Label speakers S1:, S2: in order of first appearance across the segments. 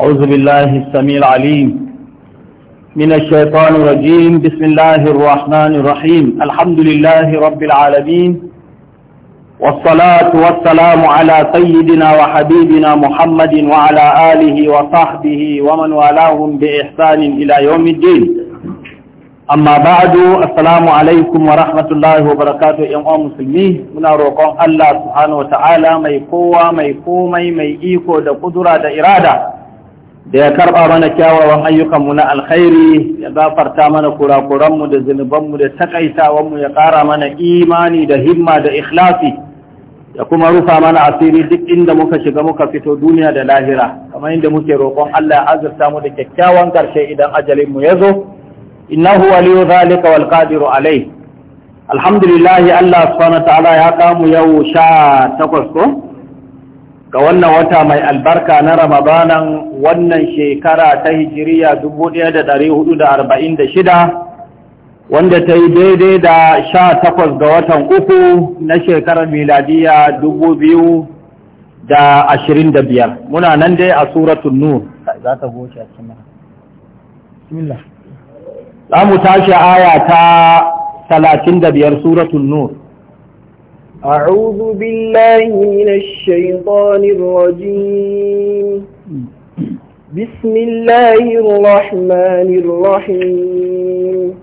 S1: أعوذ بالله السميع العليم من الشيطان الرجيم بسم الله الرحمن الرحيم الحمد لله رب العالمين والصلاة والسلام على سيدنا وحبيبنا محمد وعلى آله وصحبه ومن والاهم بإحسان إلى يوم الدين أما بعد السلام عليكم ورحمة الله وبركاته barakatuh yan uwa musulmi muna roƙon Allah ما يقوى ما يقوى ما يقوى ما يقوى da da ya karɓa mana kyawawan ayyukanmu na alkhairi ya gafarta mana kurakuranmu da zunubanmu da takaitawanmu ya ƙara mana imani da himma da ikhlasi ya kuma rufa mana asiri duk inda muka shiga muka fito duniya da lahira kamar inda muke roƙon Allah ya azurta mu da kyakkyawan ƙarshe idan ajalin mu ya zo innahu waliyu zalika wal qadiru alai alhamdulillah Allah subhanahu wa ta'ala ya kamu yau sha takwas ko ga wannan wata mai albarka na ramadanan wannan shekara ta hijiriya 1446 wanda ta yi daidai da sha takwas ga watan uku na shekarar miladiya 2025 muna nan dai a suratun nur za ta goce za mu tashi aya ta 35 suratun nur
S2: أعوذ بالله من الشيطان الرجيم بسم الله الرحمن الرحيم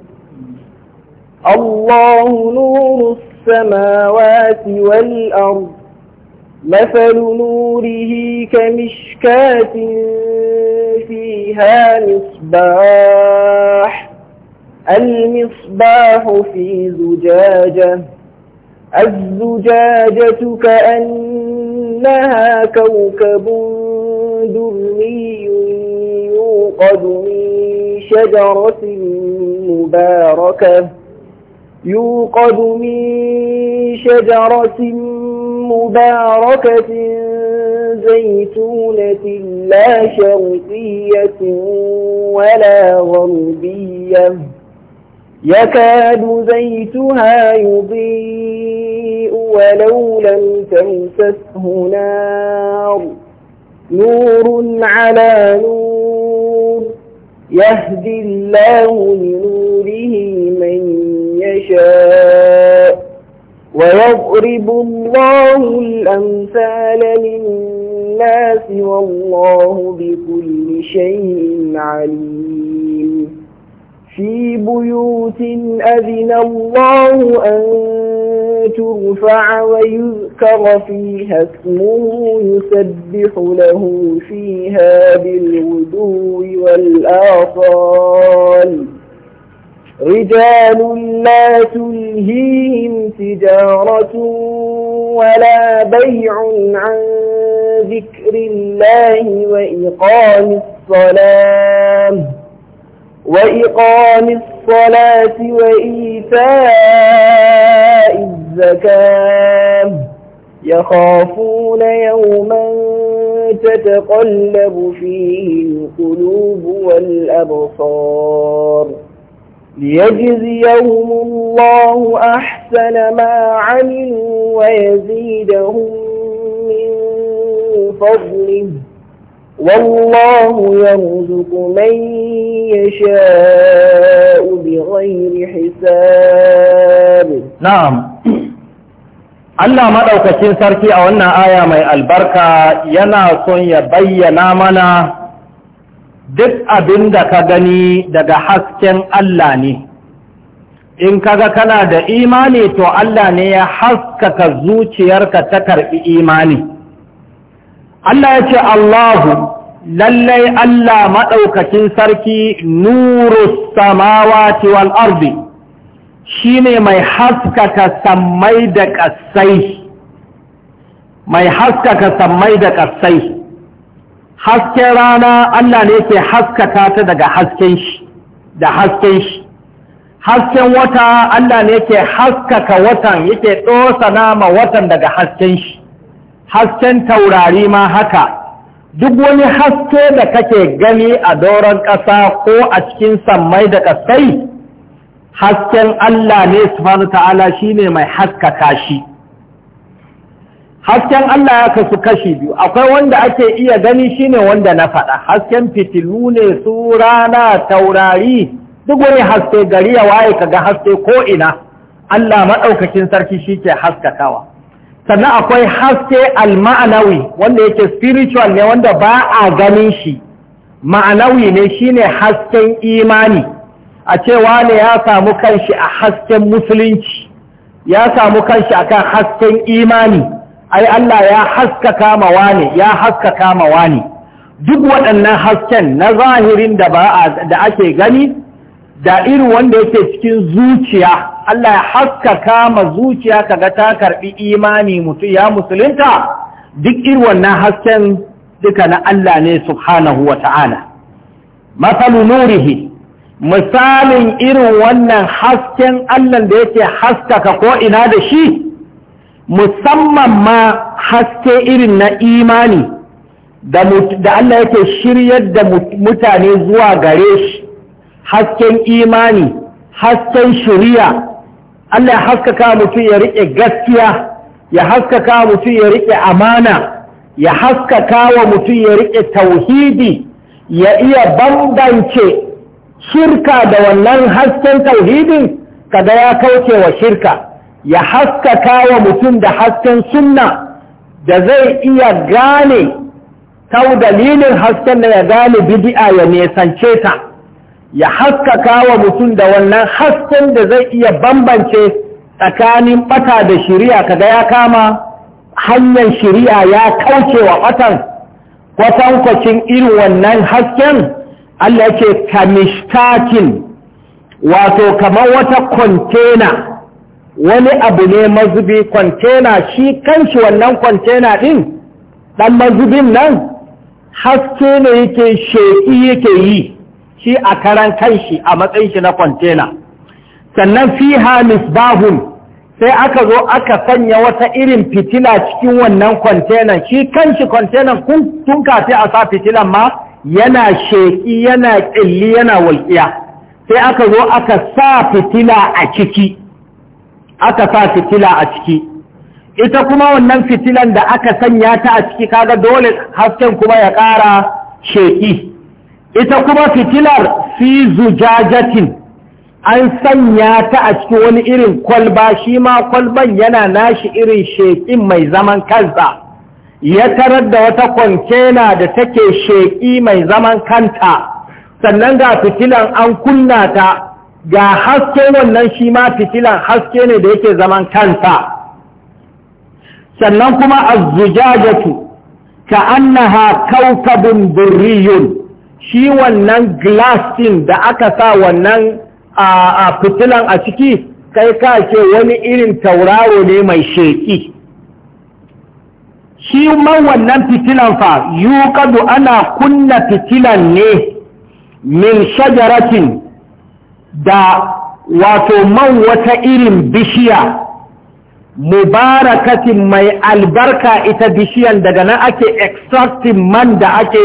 S2: الله نور السماوات والأرض مثل نوره كمشكاة فيها مصباح المصباح في زجاجه الزجاجة كأنها كوكب دري يوقد من شجرة مباركة يوقد من شجرة مباركة زيتونة لا شرقية ولا غربية يكاد زيتها يضيء ولو لم تمسسه نار نور على نور يهدي الله لنوره من يشاء ويضرب الله الأمثال للناس والله بكل شيء عليم في بيوت أذن الله أن ترفع ويذكر فيها اسمه يسبح له فيها بالغدو والآصال رجال لا تلهيهم تجارة ولا بيع عن ذكر الله وإقام الصلاة وإقام الصلاة وإيتاء الزكاة يخافون يوما تتقلب فيه القلوب والأبصار ليجزيهم الله أحسن ما عملوا ويزيدهم من فضله والله يرزق من يشاء بغير حساب
S1: نعم Allah maɗaukacin sarki a wannan aya mai albarka yana son ya bayyana mana duk abin da ka gani daga hasken Allah ne. In kaga kana da imani to Allah ne ya haskaka zuciyarka ta karɓi imani. Allah ya ce Allahu lallai Allah maɗaukacin sarki nuru samawati wal ardi. shi ne mai haskaka sammai da ƙasai mai haskaka sammai da ƙasai hasken rana Allah ne ke haskaka ta daga hasken shi da hasken shi hasken wata Allah ne ke haskaka watan yake ɗosa nama watan daga hasken shi hasken taurari ma haka duk wani haske da kake gani a doron ƙasa ko a cikin sammai da ƙasai hasken Allah ne subhanahu ta'ala shine mai haskaka shi hasken Allah ya kasu kashi biyu akwai wanda ake iya gani shine wanda na faɗa hasken fitilu ne su rana taurari duk wani haske gari ya waye ga haske ko ina Allah maɗaukakin sarki shi ke haskakawa sannan akwai haske alma'anawi wanda yake spiritual ne wanda ba a ganin shi ma'anawi ne shine hasken imani a cewa ne ya samu kanshi a hasken musulunci ya samu kanshi kan hasken imani ai Allah ya haskaka ma wane ya haskaka ma wane duk waɗannan hasken na zahirin da ba da ake gani da irin wanda yake cikin zuciya Allah ya haskaka ma zuciya kaga ta karbi imani mutu ya musulunta duk irin wannan hasken duka na Allah ne subhanahu wa ta'ala masalu nurihi misalin irin wannan hasken Allah da yake haskaka ko ina da shi musamman ma haske irin na imani da Allah yake shiryar da mutane zuwa gare shi hasken imani hasken shiriya Allah ya haskaka mutum ya riƙe gaskiya ya haskaka mutum ya riƙe amana ya haskaka wa mutum ya riƙe tauhidi ya iya bambance shirka da wannan hasken tauhidin kada ya kauce wa shirka ya haskaka wa mutum da hasken sunna da zai iya gane tau dalilin hasken da ya gane bidi'a ya nesance ta ya haskaka wa mutum da wannan hasken da zai iya bambance tsakanin bata da shiriya kada ya kama hanyar shiriya ya kauce wa batan kwatankwacin irin wannan hasken Allah yake kamishtakin wato kamar wata kwantena wani abu ne mazubi kwantena shi kanshi wannan kwantena ɗin ɗan mazubin nan haske ne yake sheƙi yake yi shi a karan kanshi a matsayin shi na kwantena sannan Hamis misbahun sai aka zo aka sanya wata irin fitila cikin wannan kwantenan shi kanshi kwantenan kun kafi a sa fitilan ma yana sheƙi yana ƙilli yana walƙiya sai aka zo aka sa fitila a ciki aka sa fitila a ciki ita kuma wannan fitilan da aka sanya ta a ciki kaga dole hasken kuma ya ƙara sheƙi ita kuma fitilar fi zujajatin an sanya ta a cikin wani irin kwalba shi ma kwalban yana nashi irin sheƙin mai zaman kansa ya tarar da wata kwantena da take sheƙi mai zaman kanta sannan ga fitilan an kunna ta ga haske wannan shi ma fitilan haske ne da yake zaman kanta sannan kuma azzujajatu ka annaha kaukabun buriyun shi wannan glassin da aka sa wannan a fitilan a ciki kai ka ce wani irin tauraro ne mai sheƙi shi man wannan fitilan fa yu-kadu ana kunna fitilan ne min shajaratin da wato man wata irin bishiya mubarakatin mai albarka ita bishiyan daga nan ake extracting man da ake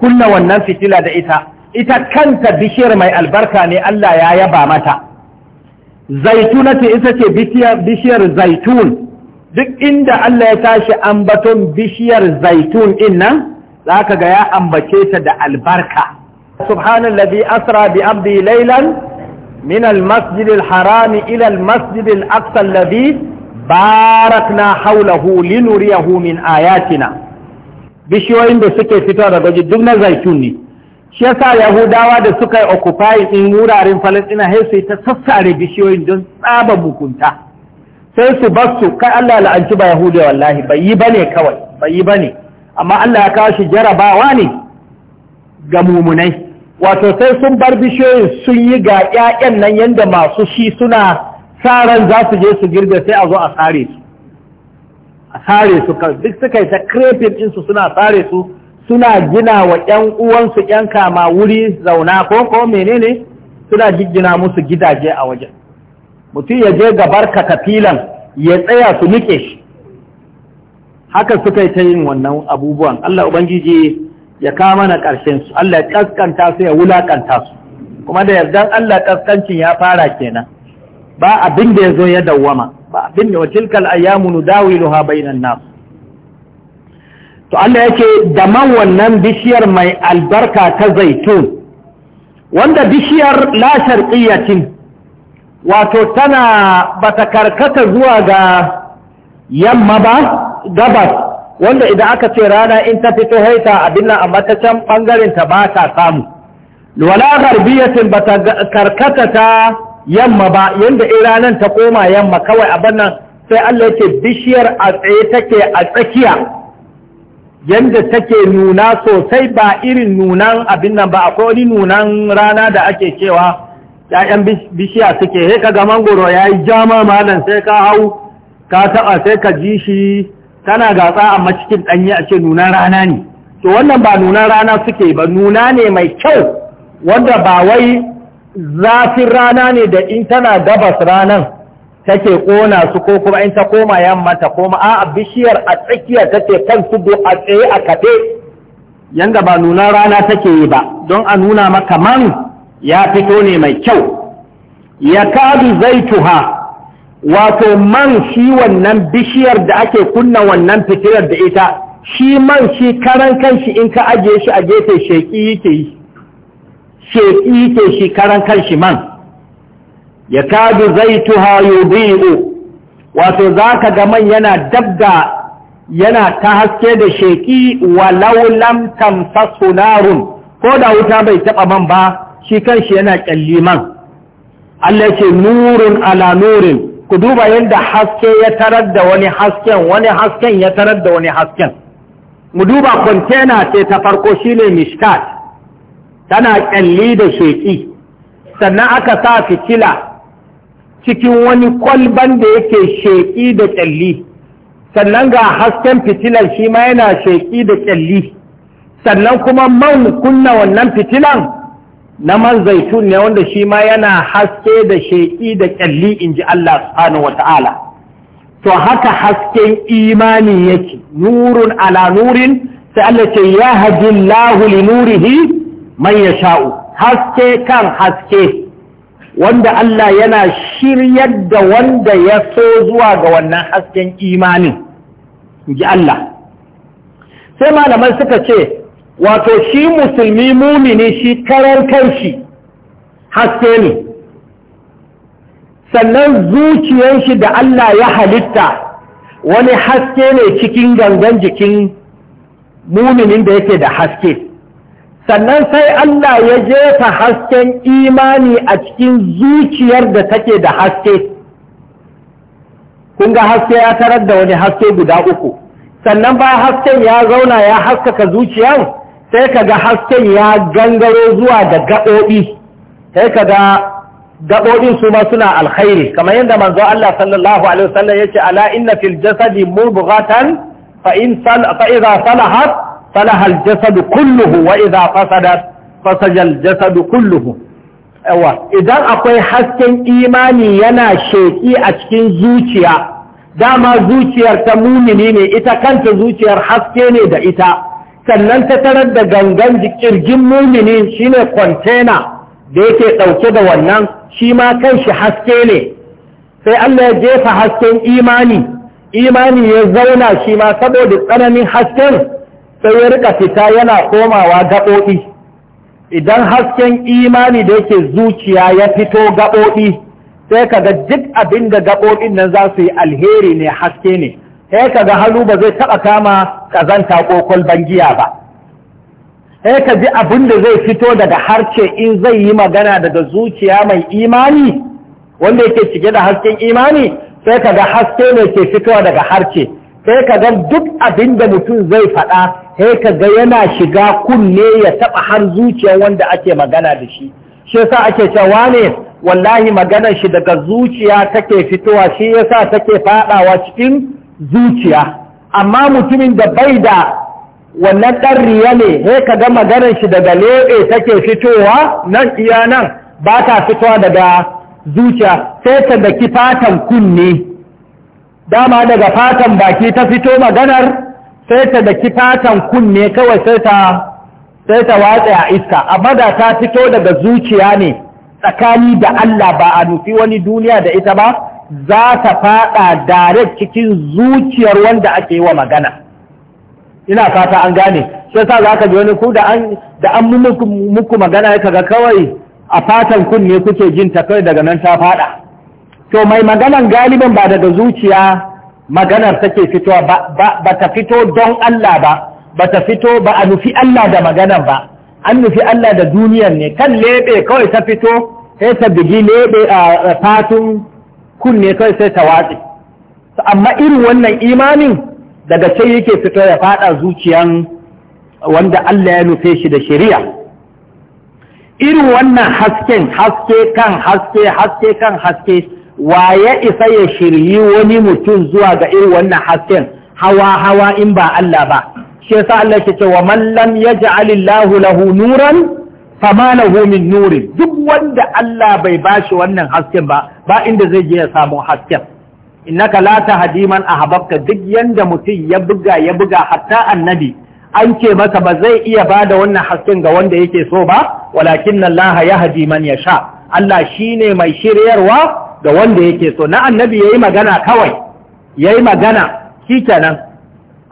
S1: kunna wannan fitila da ita ita kanta bishiyar mai albarka ne Allah ya yaba mata zaitunati ita ce bishiyar zaitun duk inda Allah ya tashi ambaton bishiyar zaitun din nan zaka ga ya ambace ta da albarka subhanallazi asra bi abdi laylan min almasjid alharam ila almasjid alaqsa alladhi barakna hawlahu linuriyahu min ayatina bishiyoyin da suke fito daga duk na zaitun ne shi yasa yahudawa da suka yi occupy in wuraren falastina sai ta sassare bishiyoyin don tsaba bukunta sai su su kai Allah la'anci ba yahudiya wallahi bai yi bane kawai bai yi bane amma Allah ya kawo shi jarabawa ne ga mumunai wato sai sun bar bishiyoyin sun yi ga ƴaƴan nan yanda masu shi suna sa ran za su je su girbe sai a zo a sare su a sare su duk suka yi ta din ɗinsu suna sare su suna gina wa ‘yan uwansu ƴan kama wuri zauna ko ko menene suna jiggina musu gidaje a wajen mutum ya je gabar katafilan ya tsaya su nike shi haka suka yi ta yin wannan abubuwan Allah Ubangiji ya kama na ƙarshen su Allah ya kaskanta su ya wulaƙanta su kuma da yardan Allah kaskancin ya fara kenan ba abin da ya zo ya dawwama ba abin da watilkal ayyamu nudawiluha bainan nas to Allah yake da man wannan bishiyar mai albarka ta zaitun wanda bishiyar la sharqiyyatin wato tana bata karkata zuwa ga yamma ba gabas wanda idan aka ce rana in ta fito haita abin nan amma ta can bangaren ta ba ta samu wala garbiyatin bata karkata ta yamma ba yanda in ta koma yamma kawai abin nan sai Allah yake bishiyar a tsaye take a tsakiya yanda take nuna sosai ba irin nunan abin nan ba akwai wani nunan rana da ake cewa ‘ya'yan bishiya suke ka ga mangoro ya yi jama malam sai ka hau ka taɓa sai ka ji shi Tana gatsa amma cikin ɗanye a ce nuna rana ne to wannan ba nuna rana suke ba nuna ne mai kyau wanda ba wai zafin rana ne da in tana gabas ranar take ƙona su ko kuma in ta koma yamma ta koma a bishiyar a tsakiyar take kan tudu a tsaye a kafe yanda ba nuna rana take yi ba don a nuna maka man ya fito ne mai kyau ya kadu zaituha wato man shi wannan bishiyar da ake kunna wannan fitilar da ita shi man shi karan kanshi in ka ajiye shi a gefe sheki yake yi sheki yake shi karan kanshi man ya kadu zaituha yubi'u wato zaka ga man yana dabda yana ta haske da sheƙi walau lam tamsasu ko da wuta bai taɓa man ba shi kanshi yana kyalli man Allah ce nurin ala nurin ku duba yadda haske ya tarar da wani hasken wani hasken ya tarar da wani hasken mu duba kwantena ce ta farko shine mishkat tana ƙyalli da sheki sannan aka sa fitila cikin wani kwalban da yake sheki da ƙyalli. sannan ga hasken fitilan shi ma yana sheki da ƙyalli. sannan kuma man kunna wannan fitilan na man zaitun ne wanda shi ma yana haske da sheƙi da ƙyalli in ji Allah subhanahu wa ta'ala to haka hasken imani yake nurun ala nurin sai Allah ce ya haji lahu li nurihi man sha'u. haske kan haske wanda Allah yana shiryar da wanda ya so zuwa ga wannan hasken imanin ji Allah sai malamai suka ce wato shi musulmi mumini shi karar kanshi haske ne sannan zuciyar shi da Allah ya halitta wani haske ne cikin gangan jikin muminin da yake da haske sannan sai Allah ya jefa hasken imani a cikin zuciyar da take da haske kun ga haske ya tarar da wani haske guda uku sannan ba hasken ya zauna ya haskaka zuciyar sai ka ga hasken ya gangaro zuwa ga gaɓoɓi sai ka ga gaɓoɓin su ma suna alkhairi kamar yadda manzo Allah sallallahu alaihi wasallam yace ala inna fil jasadi mubghatan fa in sal fa idha salahat salaha al jasad kulluhu wa idha fasadat fasaja al jasad kulluhu yawa idan akwai hasken imani yana sheki a cikin zuciya dama zuciyar ta mumini ne ita kanta zuciyar haske ne da ita sannan ta tarar da gangan jirgin mumini shine kwantena da yake ɗauke da wannan shi ma shi haske ne sai Allah ya jefa hasken imani imani ya zauna shi ma saboda tsananin hasken sai ya rika fita yana komawa gaɓoɗi idan hasken imani da yake zuciya ya fito gaɓoɗi sai kaga duk abin da gaɓoɗin nan za su yi alheri ne haske ne sai ka ga hannu ba zai taɓa kama ƙazanta ko kwalban giya ba sai ka ji abin da zai fito daga harce in zai yi magana daga zuciya mai imani wanda yake cike da hasken imani sai ka ga haske ne ke fitowa daga harce sai ka ga duk abin da mutum zai faɗa sai ka ga yana shiga kunne ya taɓa har zuciya wanda ake magana da shi shi yasa ake cewa ne wallahi maganar shi daga zuciya take fitowa shi yasa take faɗawa cikin zuciya amma mutumin da bai da wannan ɗan riya ne he ka ga maganar shi daga leɓe take fitowa nan iya nan ba ta fitowa daga zuciya sai ta daki fatan kunne dama daga fatan baki ta fito maganar sai ta daki fatan kunne kawai sai ta sai ta watsa a iska amma da ta fito daga zuciya ne tsakani da Allah ba a nufi wani duniya da ita ba za ta faɗa direct cikin zuciyar wanda ake yi wa magana ina fata an gane sai sa za ka ji wani ku da an muku magana ya kaga kawai a fatan kun ne kuke jin ta daga nan ta faɗa. to mai maganan galibin ba daga zuciya maganar take fitowa ba ta fito don Allah ba ba ta fito ba a nufi Allah da maganar ba an nufi Allah da duniyar ne kan lebe kawai ta fito sai ta bugi lebe a fatun kunne kai sai ta watsi amma irin wannan imanin daga can yake fito ya fada zuciyan wanda Allah ya nufe shi da shari'a irin wannan hasken haske kan haske haske kan haske wa ya isa ya shiryi wani mutum zuwa ga irin wannan hasken hawa hawa in ba Allah ba shi yasa Allah ke cewa man lam yaj'alillahu lahu nuran fama lahu min nurin duk wanda Allah bai bashi wannan hasken ba ba inda zai je ya samu hasken innaka la tahdiman man duk yanda mutum ya buga ya buga hatta annabi an ce masa ba zai iya bada wannan hasken ga wanda yake so ba walakin Allah yahdi man yasha Allah shine mai shiryarwa ga wanda yake so na annabi yayi magana kawai yayi magana shikenan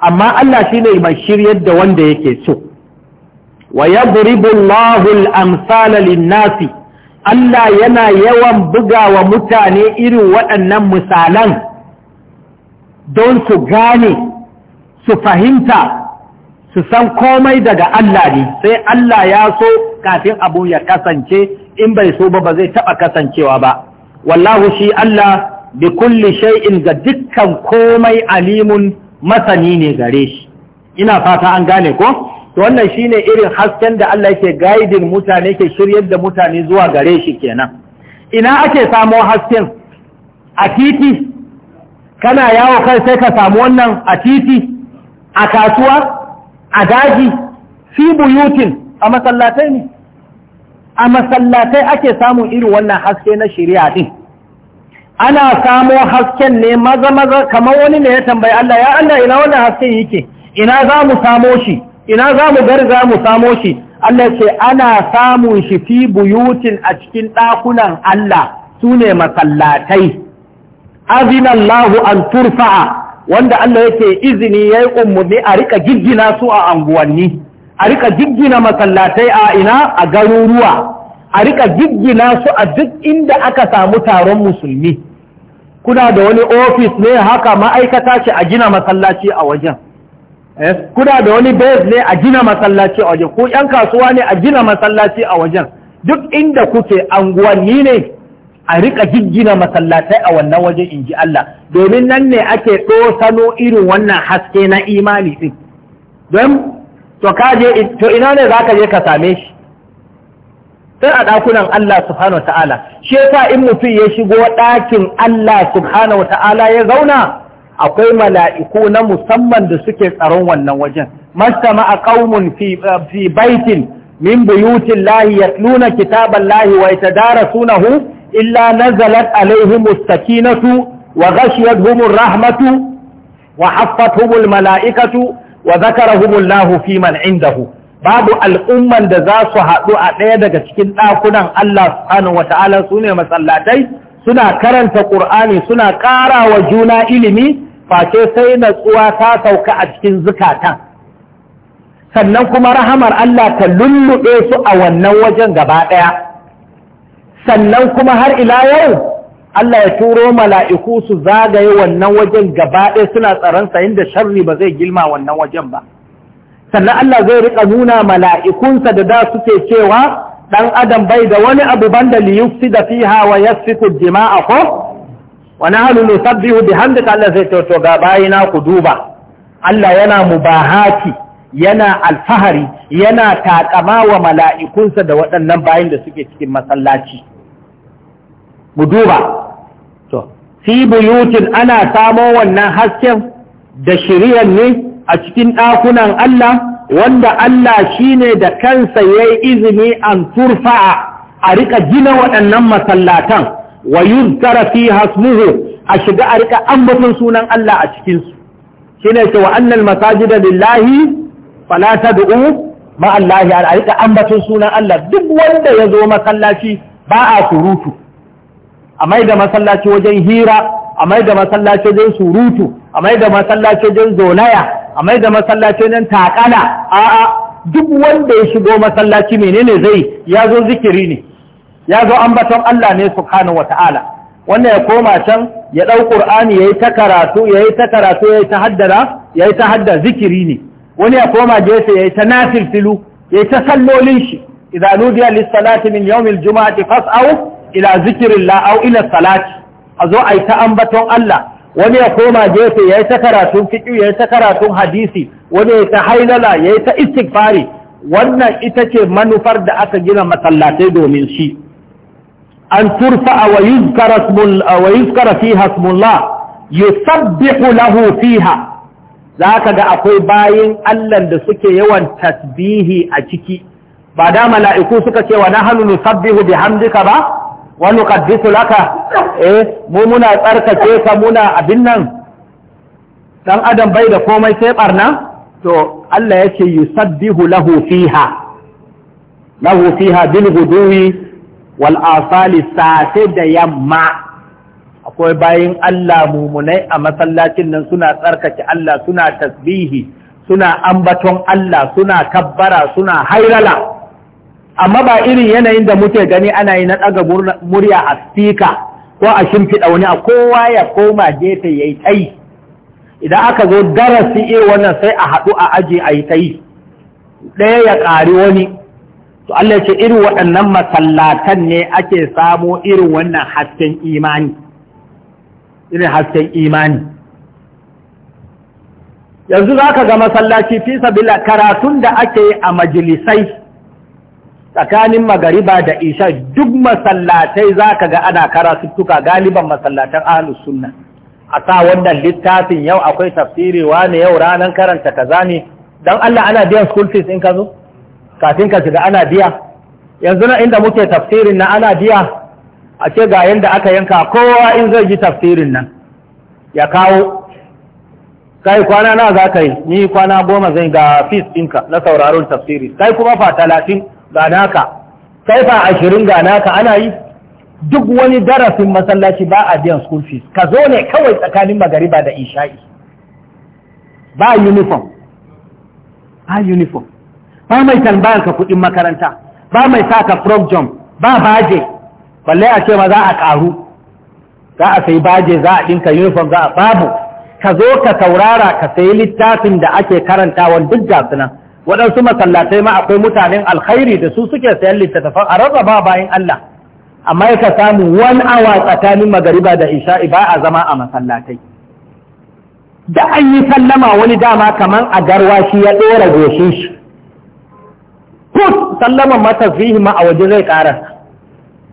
S1: amma Allah shine mai shiryar da wanda yake so wa ya Allahu amsala nasi Allah yana yawan buga wa mutane irin waɗannan misalan don su gane su fahimta su san komai daga Allah ne sai Allah ya so kafin abu ya kasance in bai so ba ba zai taɓa kasancewa ba wallahu shi Allah bi kulli shay'in ga dukkan komai alimun masani ne gare shi ina fata an gane ko to wannan shine irin hasken da Allah yake gaidin mutane ke shiryar da mutane zuwa gare shi kenan ina ake samu hasken a titi kana yawo kai sai ka samu wannan a titi a kasuwa a daji fi buyutin a masallatai ne a masallatai ake samun irin wannan haske na shari'a din ana samu hasken ne maza maza kamar wani ne ya tambayi Allah ya Allah ina wannan hasken yake ina za mu samo shi ina za mu gar mu samo shi Allah ce ana samun shi fi buyutin a cikin ɗakunan Allah su ne masallatai azinallahu an turfa'a wanda Allah yake izini ya yi umarni a rika giggina su a anguwanni a rika giggina masallatai a ina a garuruwa a rika giggina su a duk inda aka samu taron musulmi kuna da wani ofis ne haka ma'aikata ce a gina masallaci a wajen Eh, kuna da wani base ne a gina masallaci a wajen ku yan kasuwa ne a gina masallaci a wajen duk inda kuke anguwanni ne a rika giggina masallatai a wannan wajen in ji Allah domin nan ne ake ɗosano irin wannan haske na imani din don to kaje to ina ne zaka je ka same shi sai a ɗakunan Allah subhanahu ta'ala shi yasa in mutum ya shigo ɗakin Allah subhanahu ta'ala ya zauna akwai mala'iku na musamman da suke tsaron wannan wajen mastama a qaumun fi baitin min buyutin lahi nuna kitaban lahi wa yatadarasunahu illa nazalat alaihim na su, wa ghashiyatuhum rahmatu wa haffathum malaikatu wa zakarahum Allahu fi man indahu babu al'umman da za su haɗu a ɗaya daga cikin ɗakunan Allah subhanahu wa ta'ala su ne masallatai suna karanta ƙur'ani suna ƙara wa juna ilimi face sai natsuwa ta sauka a cikin zukatan sannan kuma rahamar Allah ta lulluɗe su a wannan wajen gaba ɗaya sannan kuma har ila yau Allah ya turo mala'iku su zagaye wannan wajen gaba ɗaya suna tsaronsa inda sharri ba zai gilma wannan wajen ba sannan Allah zai riƙa nuna mala'ikunsa da da suke cewa ɗan adam bai da wani abu banda liyufsi da fiha wa yasfiku jima'a ko ne nahnu nusabbihu bihamdika Allah sai to to ga bayina ku duba Allah yana mubahati yana alfahari yana takama wa mala'ikunsa da waɗannan bayin da suke cikin masallaci mu duba to fi buyutin ana samo wannan hasken da shiriyar ne a cikin ɗakunan Allah wanda Allah shine da kansa ya yi izini an turfa a rika gina waɗannan masallatan wa yuzkara fi hasmuhu a shiga a rika ambaton sunan Allah a cikin su shine ce wa annal masajida lillahi fala tad'u ma Allah a rika ambaton sunan Allah duk wanda ya zo masallaci ba a surutu a mai da masallaci wajen hira a mai da masallaci wajen surutu a mai da masallaci wajen zolaya a mai da masallaci wajen takala a'a duk wanda ya shigo masallaci menene zai ya zo zikiri ne ya zo ambaton Allah ne subhanahu wata'ala wannan ya koma can ya ɗau ƙur'ani ya yi ta karatu ya yi ta karatu ya yi ta haddara ya yi ta hadda zikiri ne wani ya koma gefe ya yi ta nafilfilu ya yi ta sallolin shi idan nudiya lissalati min yawmil juma'ati fas'au ila zikrillah aw ila salati a zo a yi ta ambaton Allah wani ya koma gefe ya yi ta karatun fiƙi ya yi ta karatun hadisi wani ya ta hailala ya yi ta istighfari wannan ita ce manufar da aka gina masallatai domin shi an turfa wa yuzkara ismul wa yuzkara fiha ismullah yusabbihu lahu fiha zaka ga akwai bayan Allah da suke yawan tasbihi a ciki ba da mala'iku suka ce wa na nahnu nusabbihu bihamdika ba wa nuqaddisu laka eh mu muna tsarkake ka muna abin nan dan adam bai da komai sai ɓarna. to Allah yake yusabbihu lahu fiha lahu fiha bil guduwi wal asali safe da yamma akwai bayin Allah mumunai a masallacin nan suna tsarkake Allah suna tasbihi suna ambaton Allah suna kabbara suna hairala amma ba irin yanayin da muke gani ana yi na ɗaga murya a sika ko a shimfiɗa wani a kowa ya koma gefe ya yi tsayi idan aka zo darasi irin wannan sai a haɗu a aji a yi tsayi ɗaya ya ƙari wani to Allah ce irin waɗannan masallatan ne ake samo irin wannan hasken imani irin hasken imani yanzu za ka ga masallaci fi sabila karatun da ake yi a majalisai tsakanin magariba da isha duk masallatai za ka ga ana karatuttuka galiban masallatan ahalus sunna a sa wannan littafin yau akwai tafsiri wani yau ranar karanta kaza ne don Allah ana biyan school fees in ka zo kafin ka shiga ana biya yanzu na inda muke tafsirin na ana biya a ce ga yanda aka yanka kowa in zai ji tafsirin nan ya kawo kai kwana na za ka yi ni kwana goma zai ga fis ɗinka na sauraron tafsiri kai kuma fa talatin ga naka kai fa ashirin ga naka ana yi duk wani darasin masallaci ba a biyan school fees ka zo ne kawai tsakanin magariba da isha'i ba uniform ba uniform ba mai tambayan ka kuɗin makaranta ba mai sa ka frog jump ba baje balle a ce ma za a ƙaru za a sai baje za a ɗinka uniform za a babu ka zo ka saurara ka sayi littafin da ake karantawan duk gasu waɗansu masallatai ma akwai mutanen alkhairi da su suke sayan littattafan a ba bayan Allah amma ka samu wani awa tsakanin magariba da isha'i ba a zama a masallatai da an yi sallama wani dama kamar a garwa shi ya ɗora goshin shi kut sallaman mata fihi ma a waje zai ƙara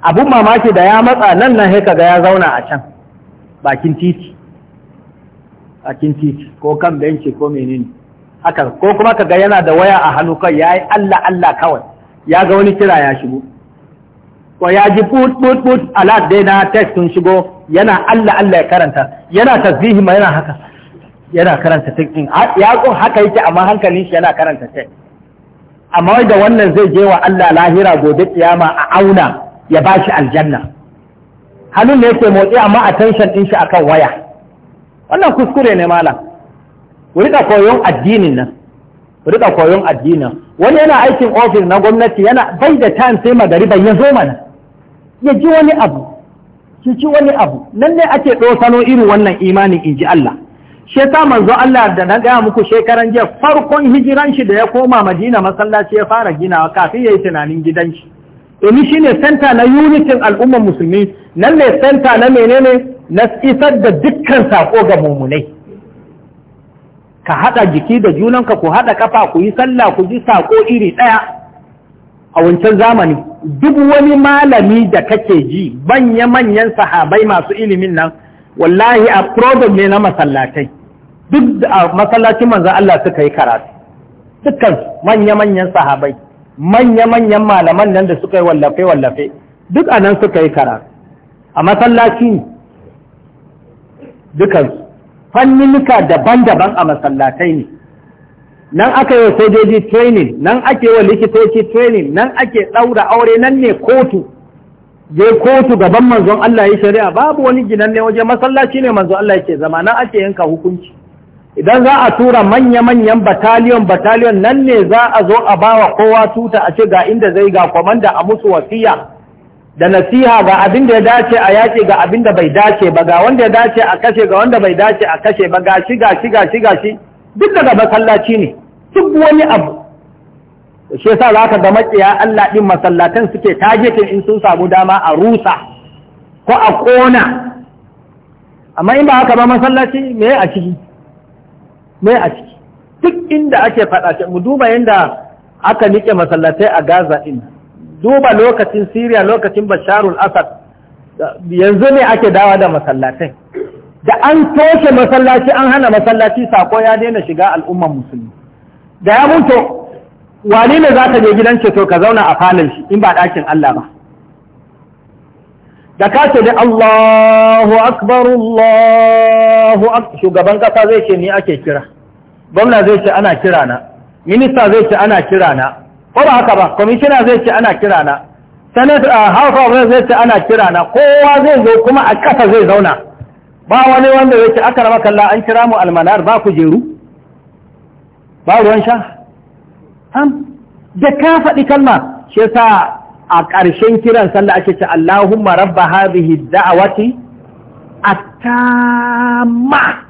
S1: abun mamaki da ya matsa nan nan haika ga ya zauna a can bakin titi bakin titi ko kan benci ko menene haka ko kuma ka ga yana da waya a hannu kai ya yi Allah Allah kawai ya ga wani kira ya shigo ko ya ji put put put alat dai na test sun shigo yana Allah Allah ya karanta yana tasbihi ma yana haka yana karanta text ya haka yake amma hankalin shi yana karanta text amma da wannan zai je wa Allah lahira gobe kiyama a auna ya ba shi aljanna hannun ne yake motsi amma attention din shi akan waya wannan kuskure ne malam ku rika koyon addinin nan ku rika koyon addinin wani yana aikin ofis na gwamnati yana bai da time sai magariba ya zo mana ya ji wani abu ki ci wani abu nan ne ake ɗosano irin wannan imanin inji Allah shi manzo Allah da na gaya muku shekaran jiya farkon hijiran shi da ya koma Madina masallaci ya fara ginawa kafin yayi tunanin gidan shi shi shine senta na unitin al'ummar musulmi nan ne center na menene na isar da dukkan sako ga mumunai ka haɗa jiki da junanka ku haɗa kafa ku yi sallah ku ji sako iri ɗaya a wancan zamani duk wani malami da kake ji manya-manyan sahabai masu ilimin nan wallahi a problem ne na masallatai duk da masallacin manzan Allah suka yi karatu sukan manya-manyan sahabai manya-manyan malaman nan da suka yi wallafe-wallafe duk a nan suka yi karatu a masallaci dukansu fanninuka daban-daban a masallatai ne nan aka yi sojoji training nan ake wa likitoci training nan ake ɗaura aure nan ne kotu je kotu gaban manzon Allah ya shari'a babu wani ginan ne waje masallaci ne manzon Allah yake zama nan ake yanka hukunci idan za a tura manya-manyan bataliyon bataliyon nan ne za a zo a bawa kowa tuta a ce ga inda zai ga kwamanda a musu wasiya da nasiha ga abin da ya dace a yaƙi ga abin da bai dace ba ga wanda ya dace a kashe ga wanda bai dace a kashe ba ga ga shi ga shi duk daga masallaci ne duk wani abu shi yasa za ka ga maƙiya Allah din masallatan suke tagetin in sun samu dama a rusa ko a ƙona amma in ba haka ba masallaci me a ciki mai a ciki duk inda ake faɗace mu duba yadda aka nike masallatai a gaza ɗin duba lokacin syria lokacin basharul asad yanzu ne ake dawa da masallatai da an toshe masallaci an hana masallaci sako ya daina shiga al'umman musulmi da ya mutu wani ne za ka je gidan ceto ka zauna a falon shi in ba ɗakin Allah ba da ka ce da Allahu akbar Allahu akbar shugaban kasa zai ce ni ake kira gwamna zai ce ana kira na minista zai ce ana kira na ko ba haka ba kwamishina zai ce ana kira na senate a uh, house of zai ce ana kira na kowa zai zo kuma a ƙasa zai zauna ba wani wanda zai ce aka rama kalla an kira mu almanar ba ku jeru ba ruwan sha ham da ka faɗi kalma shi yasa a ƙarshen kiran sallah ake ce Allahumma rabba hadhihi da'awati at-tamma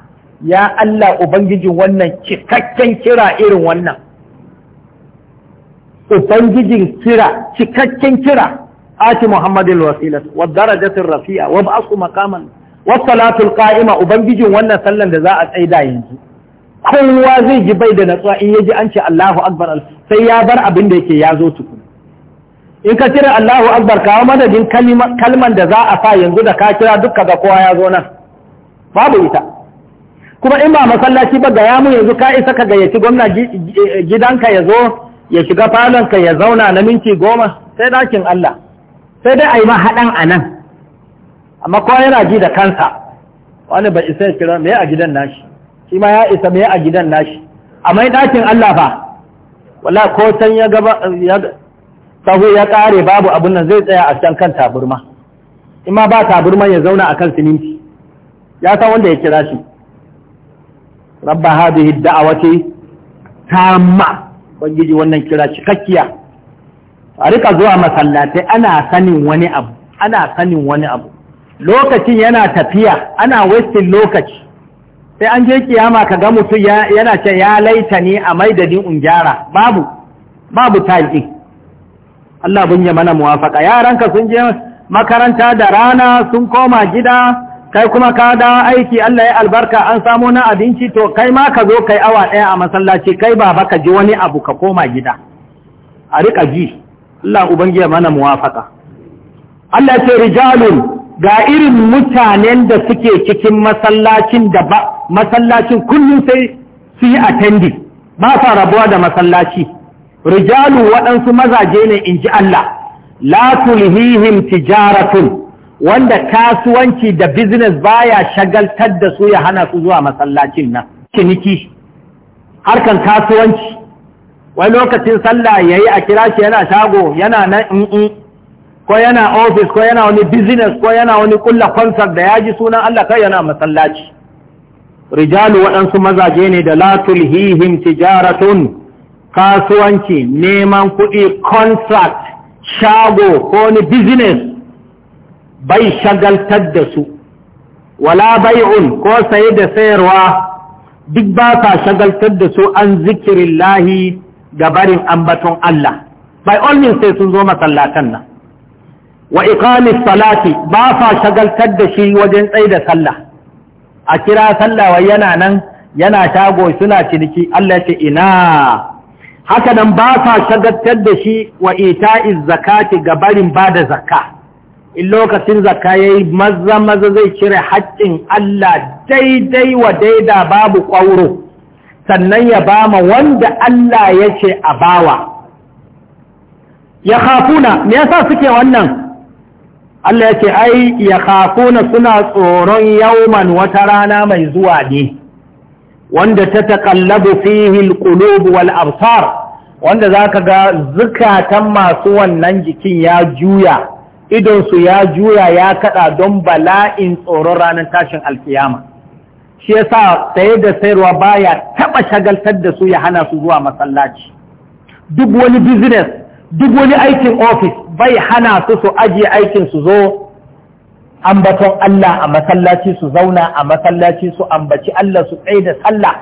S1: ya Allah Ubangijin wannan cikakken kira irin wannan Ubangijin kira cikakken kira ati Muhammadin wasilat wa darajatin rafi'a wa ba'su maqaman wa salatul qa'ima Ubangijin wannan sallan da za a tsaida yanzu kowa zai ji bai da natsuwa in yaji an ce Allahu akbar sai ya bar abin da yake ya zo tukun in ka kira Allahu akbar kawo madadin kalman da za a sa yanzu da ka kira dukka ga kowa ya zo nan babu ita kuma in ba masallaci ba gaya mu yanzu ka isa ka gayyaci gwamna gidanka ya zo ya shiga falonka ya zauna na minti goma sai dakin Allah sai dai a yi mahaɗan a nan amma kowa yana ji da kansa wani ba isa ya kira me a gidan nashi shi ma ya isa me a gidan nashi amma dakin Allah fa wala ko can ya gaba sahu ya kare babu abun nan zai tsaya a can kan taburma in ma ba taburma ya zauna a kan siminti ya san wanda ya kira shi rabba hadhihi da'awati tamma bangiji wannan kira cikakkiya a rika zuwa masallatai ana sanin wani abu ana sanin wani abu lokacin yana tafiya ana wasting lokaci sai an je kiyama ka ga mutum yana ce ya laita ne a maidadin gyara. babu babu taiki Allah bun ya mana muwafaka yaranka sun je makaranta da rana sun koma gida kai kuma ka da aiki Allah ya albarka an samu na abinci to kai ma ka zo kai awa ɗaya a masallaci kai ba ka ji wani abu ka koma gida a riƙa ji Allah ubangiya mana muwafaka Allah ce rijalun ga irin mutanen da suke cikin masallacin da ba masallacin kullum sai su yi attendi ba sa rabuwa da masallaci rijalu waɗansu mazaje ne in ji Allah la tulhihim tijaratun wanda kasuwanci da business baya shagaltar da su ya hana su zuwa masallacin nan ciniki
S2: harkan kasuwanci
S1: wai lokacin sallah yayi a kira shi yana shago yana nan in ko yana office ko yana wani business ko yana wani kulla concert da yaji sunan Allah kai yana masallaci rijalu waɗansu mazaje ne da la tulhihim tijaratun kasuwanci neman kuɗi contract shago ko wani business bai shagaltar da su wala bai'un ko saye da sayarwa duk ba sa shagaltar da su an zikirin lahi ga barin ambaton Allah Mai olmin sai sun zo masallatan nan wa iqamis salati ba sa shagaltar da shi wajen tsaye da sallah a kira sallah wa yana nan yana shago suna ciniki Allah ce ina haka nan ba sa shagaltar da shi wa ita'iz zakati ga barin bada zakka in lokacin zakka yayi maza maza zai cire haƙƙin Allah daidai wa daida babu ƙwauro sannan ya bama wanda Allah ya ce a bawa ya me yasa suke wannan Allah ya ce ai ya suna tsoron yauman wata rana mai zuwa ne wanda ta taƙallabu fihi alqulub wal absar wanda zaka ga zukatan masu wannan jikin ya juya idonsu ya juya ya kaɗa don bala'in tsoron ranar tashin alkiyama shi yasa saye da sayarwa baya taɓa shagaltar da su ya hana su zuwa masallaci duk wani business duk wani aikin ofis bai hana su su ajiye aikin su zo ambaton Allah a masallaci su zauna a masallaci su ambaci Allah su tsaye da sallah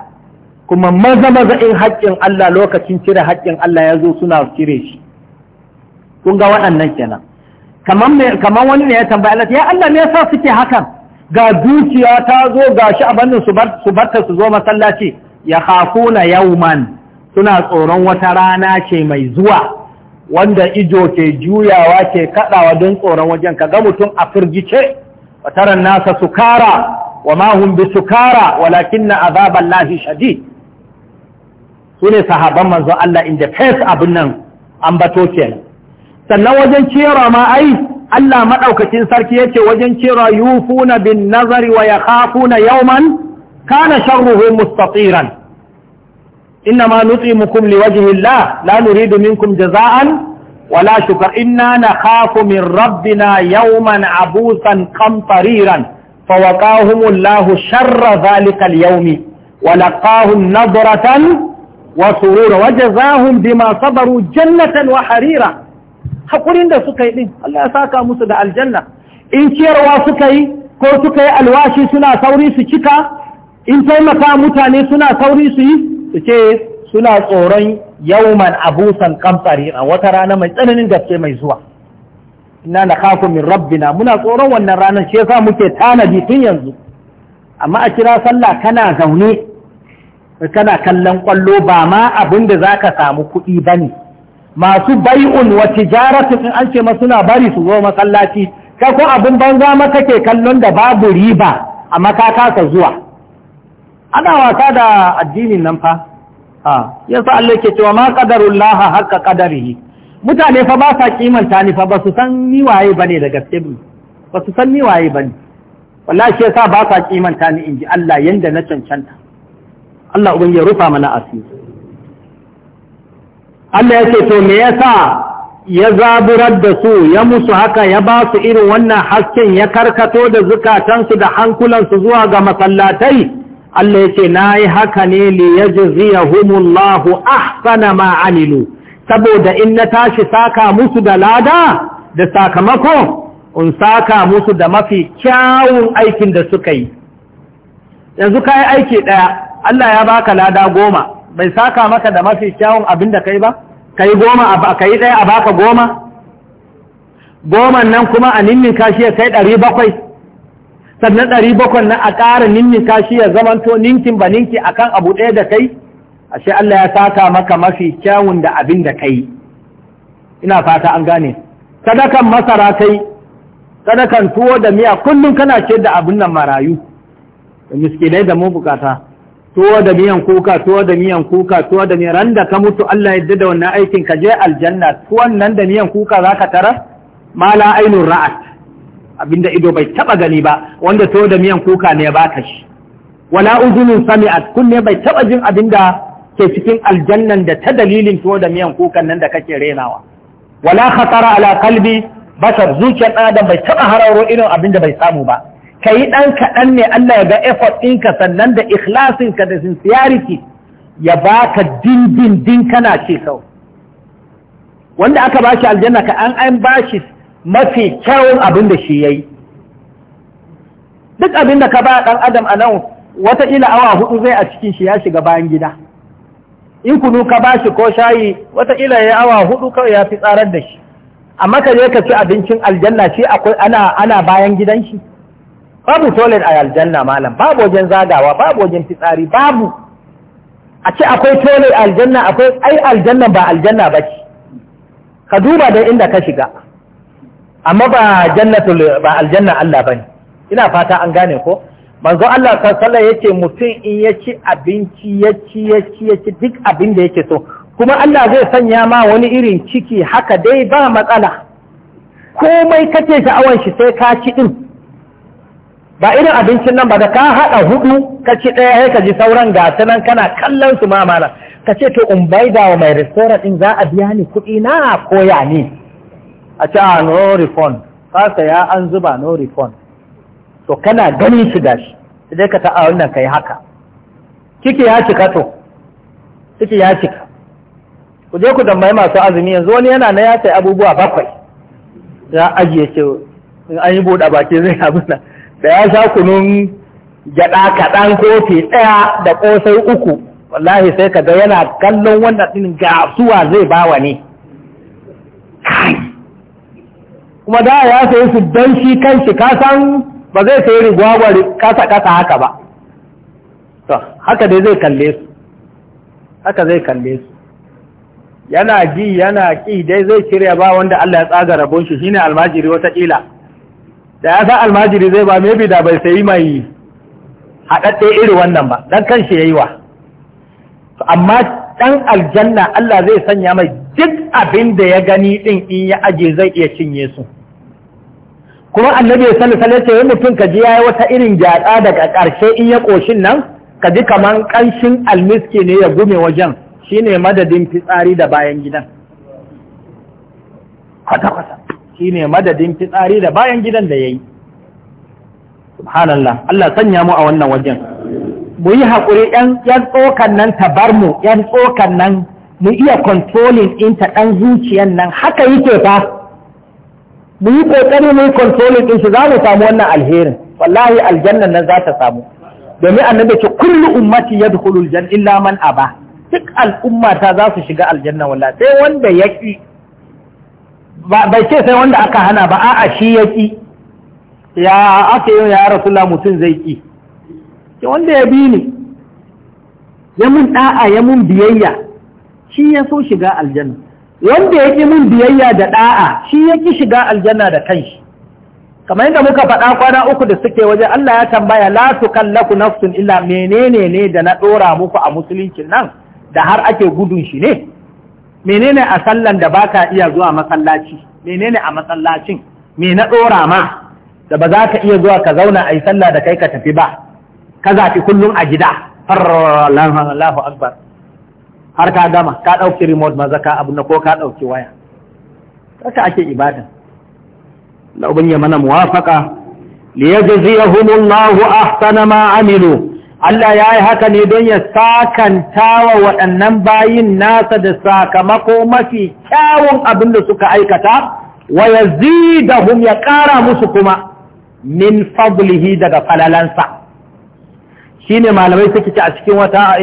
S1: kuma maza maza in haƙƙin Allah lokacin cire haƙƙin Allah ya zo suna cire shi kun ga waɗannan kenan kamar wani ne ya tambaya Allah ya Allah me yasa suke hakan ga dukiya ta zo gashi abannin su bar su barta su zo masallaci ya khafuna yawman suna tsoron wata rana ce mai zuwa wanda ijo ke juyawa ke kadawa don tsoron wajen kaga mutum a firgice wataran nasa sukara wa ma hum bi sukara walakinna azaballahi shadid sune sahaban manzo Allah in the face abin nan an bato kenan sannan wajen cera ma ai Allah maɗaukacin sarki yace wajen cera yufuna bin nazari wa yakhafuna yawman kana sharruhu mustatiran inna ma nutimukum liwajhi Allah la nuridu minkum jaza'an wala shukr inna nakhafu min rabbina yawman abusan qamtariran fawaqahum Allah sharra dhalika al-yawmi wa laqahum nadratan wa surura wajazahum bima sabaru jannatan wa harira haƙurin da suka yi ɗin Allah ya saka musu da aljanna in ciyarwa suka yi ko suka yi alwashi suna sauri su cika in taimaka mutane suna sauri su yi su ce suna tsoron yawman abusan kamfari a wata rana mai tsananin gaske mai zuwa ina na min rabbina muna tsoron wannan ranar shi yasa muke tanadi tun yanzu amma a kira sallah kana zaune kana kallon kwallo ba ma abin da zaka samu kuɗi bane masu bai'un wa tijaratu in an ce ma suna bari su zo masallaci kai ko abin banza ma ke kallon da babu riba makaka ka zuwa ana wasa da addinin nan fa ha yasa Allah ke cewa ma qadarullah haqqa qadarihi mutane fa ba sa kimanta ni fa ba su san ni waye bane da gaske ba su san ni waye bane wallahi shi yasa ba sa kimanta ni inji Allah yanda na cancanta Allah ubangi ya rufa mana asiri Allah ya ce to me yasa ya zaburar da su ya musu haka ya ba su irin wannan hasken ya karkato da zukatansu da hankulansu zuwa ga masallatai Allah ya ce na yi haka ne li ya jiziya humullahu ahsana ma'amilu saboda in na tashi saka musu da lada da sakamako in saka musu da mafi kyawun aikin da suka yi yanzu ka yi aiki ɗaya Allah ya baka lada goma bai saka maka da mafi kyawun abin da kai ba yi goma yi daya a baka goma goman nan kuma a ninnin kashi ya kai ɗari bakwai sannan ɗari bakwai nan a ƙara ninnin kashi ya to ninkin ba ninki kan abu ɗaya da kai ashe Allah ya saka maka mafi kyawun da abin da kai ina fata an gane sadakan masara kai sadakan tuwo da miya kullum kana ce da abin nan marayu da miskinai da mu bukata tuwo da miyan kuka tuwo da miyan kuka tuwo da miyan ran da ka mutu Allah ya da wannan aikin ka je aljanna tuwon nan da miyan kuka za ka tara mala la ra'at abinda ido bai taba gani ba wanda tuwo da miyan kuka ne ba ka shi wala uzunun sami'at kunne bai taba jin abinda ke cikin aljannan da ta dalilin tuwo da miyan kukan nan da kake renawa wala khatara ala qalbi basar, zuciyar adam bai taba hararo irin abin da bai samu ba ka yi ɗan kaɗan ne Allah ya ga effort ɗinka sannan da ikhlasinka da sincerity ya baka dindin din kana ce kawai wanda aka ba shi aljanna ka an an ba shi mafi kyawun abin da shi ya yi duk abin da ka ba ɗan adam a nan wataƙila awa hudu zai a cikin shi ya shiga bayan gida in kunu ka ba shi ko shayi wataƙila ya awa hudu kawai ya fi tsarar da shi amma ka je ka ci abincin aljanna shi akwai ana bayan gidan shi babu toilet a aljanna malam babu wajen zagawa babu wajen fitsari babu a ce akwai toilet a aljanna akwai ai aljanna ba aljanna ba ce ka duba da inda ka shiga amma ba jannatul ba aljanna Allah ne ina fata an gane ko manzo Allah sallallahu yace mutum in ya ci abinci ya ci ya ci ya ci duk abin da yake so kuma Allah zai sanya ma wani irin ciki haka dai ba matsala komai kake sha'awan shi sai ka ci din ba irin abincin nan ba da ka haɗa hudu ka ci ɗaya ya ka ji sauran ga nan kana kallon su ma ka ce to in bai da wa mai restaurant din za a biya ni kuɗi na koya ni a ce a no refund Kasa ya an zuba no refund to kana ganin shi shi sai ka ta'a wannan kai haka ciki ya cika to ciki ya cika ku je ku tambayi masu azumi yanzu wani yana na ya sai abubuwa bakwai ya ajiye ce in an yi buɗa baki zai abu nan da ya sha kunun gyaɗa kaɗan kofi ɗaya da ƙosai uku wallahi sai ka ga yana kallon wanda ɗin ga suwa zai bawa ne kuma da ya sayi su don shi kan shi kasan ba zai sayi rigwagwar kasa-kasa haka ba to haka dai zai kalle su haka zai kalle su yana ji yana ƙi dai zai shirya ba wanda Allah ya tsaga rabon shi shine almajiri wata ƙila da ya sa almajiri zai ba maybe da bai sayi mai haɗaɗe iri wannan ba dan kan shi yayi wa amma ɗan aljanna Allah zai sanya mai duk abin da ya gani ɗin in ya aje zai iya cinye su kuma annabi sallallahu alaihi wasallam ya mutum ka ji yayi wata irin gyada daga ƙarshe in ya ƙoshin nan ka ji kaman ƙanshin almiski ne ya gume wajen shine madadin fitsari da bayan gidan kwata-kwata Shi ne madadin fitsari da bayan gidan da ya yi. subhanallah Allah sanya mu a wannan wajen mu yi haƙuri yan tsokan nan ta bar mu yan tsokan nan mu iya kontrolin inta ɗan zuciyan nan haka yi ke fa mu yi ƙoƙari mu yi kontrolin ɗin shi za mu samu wannan alherin wallahi aljannan nan za ta samu domin annabi ce kullu ummati yadkhulu aljanna illa man aba duk al'umma ta za su shiga aljanna wallahi sai wanda yaki bai ce sai wanda aka hana ba a'a shi ya ƙi ya aka yi ya rasula mutum zai ƙi ki wanda ya bi ni ya mun da'a ya mun biyayya shi ya so shiga aljanna wanda ya ƙi mun biyayya da da'a shi ya ƙi shiga aljanna da kanshi kamar yadda muka faɗa kwana uku da suke waje Allah ya tambaya la kallaku nafsun illa menene ne da na ɗora muku a musulunci nan da har ake gudun shi ne menene a sallan da baka iya zuwa masallaci menene a masallacin me na ɗora ma da ba za ka iya zuwa ka zauna a yi sallah da kai ka tafi ba ka zafi kullum a gida Allahu akbar har ka gama ka ɗauki remote maza ka abu na ko ka ɗauki waya ka ake ibada la ubin ya mana muwafaqa li yajziyahumullahu ahsana ma amilu Allah ya yi haka ne don ya sakanta wa waɗannan bayin nasa da sakamako mafi kyawun abin da suka aikata wa ya hum ya ƙara musu kuma min fadlihi daga falalansa shi ne malamai suke ci a cikin wata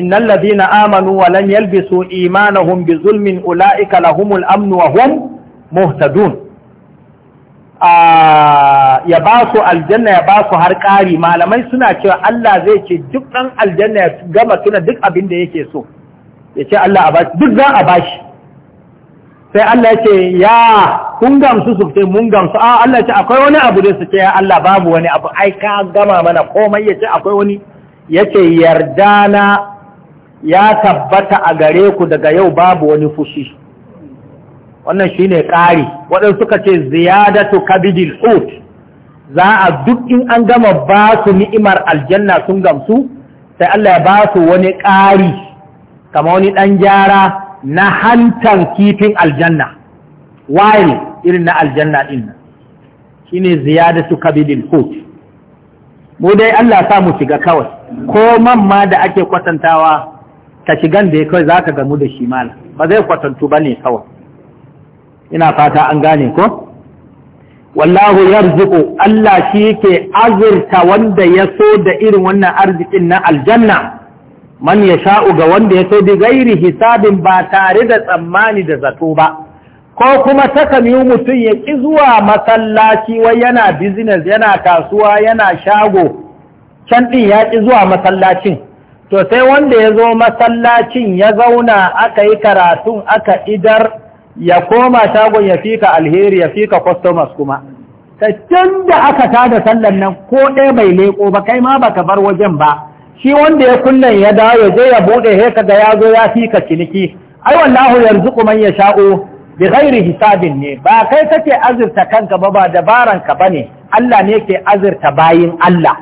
S1: innan ladina amanu wa lam yalbisu imanahum bi zulmin ula'ika lahumul amnu wa hum muhtadun ya ba su aljanna ya ba su har ƙari malamai suna cewa Allah zai ce duk ɗan aljanna ya gama tuna duk abin da yake so ya ce Allah a bashi duk za a bashi sai Allah ya ce ya kun gamsu su ce mun gamsu a Allah ya ce akwai wani abu da su ce ya Allah babu wani abu ai ka gama mana komai ya ce akwai wani ya ce yarda na ya tabbata a gare ku daga yau babu wani fushi wannan shi ne ƙari waɗansu suka ce ziyadatu kabidil hut za a duk in an gama ba su ni'imar aljanna sun gamsu sai Allah ya ba su wani ƙari kama wani ɗan gyara na hantan kifin aljanna waye irin na aljanna ɗin nan ne ziyadatu kabidil hut mu dai Allah sa mu shiga kawai ko man ma da ake kwatantawa ka shigan da ya kawai zaka gamu da shi mala ba zai kwatantu ba ne kawai ina fata an gane ko wallahu yarzuqu Allah shi yake azurta wanda ya so da irin wannan arzikin na aljanna man yasha'u ga wanda ya so bi gairi hisabin ba tare da tsammani da zato ba ko kuma takan yi mutum ya ki zuwa masallaci wai yana business yana kasuwa yana shago can ɗin ya ki zuwa masallacin to sai wanda ya zo masallacin ya zauna aka yi karatun aka idar ya koma shagon ya fika alheri ya fika customers kuma ta da aka tada sallan nan ko ɗaya bai leko ba kai ma baka bar wajen ba shi wanda ya kullum ya dawo ya je ya buɗe he kaga ya zo ya fika ciniki ai wallahu yarzuqu man yasha'u bi ghairi hisabin ne ba kai kake azurta kanka ba ba dabaran ka bane Allah ne ke azurta bayin Allah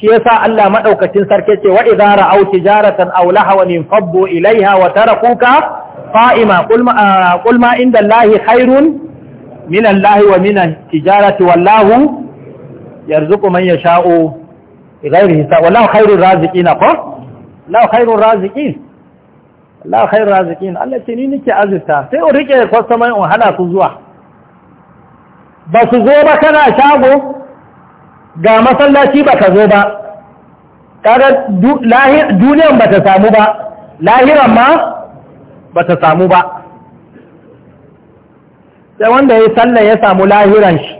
S1: shi yasa Allah madaukakin sarki ce wa idara au tijaratan aw lahawan fabbu ilaiha wa tarakuka qa'ima qul ma ah, inda Allahi khairun min Allahi wa min tijarati wallahu yarzuqu man yasha'u bighairi hisab wallahu khairur raziqin ko Allahu khairur raziqin Allah khairu razikin Allah ce ni nake azurta sai in rike kwastoman in hana su zuwa ba su zo ba kana shago ga masallaci ba ka samu ba lahiran ma ba ta samu ba sai wanda ya yi ya samu lahiran shi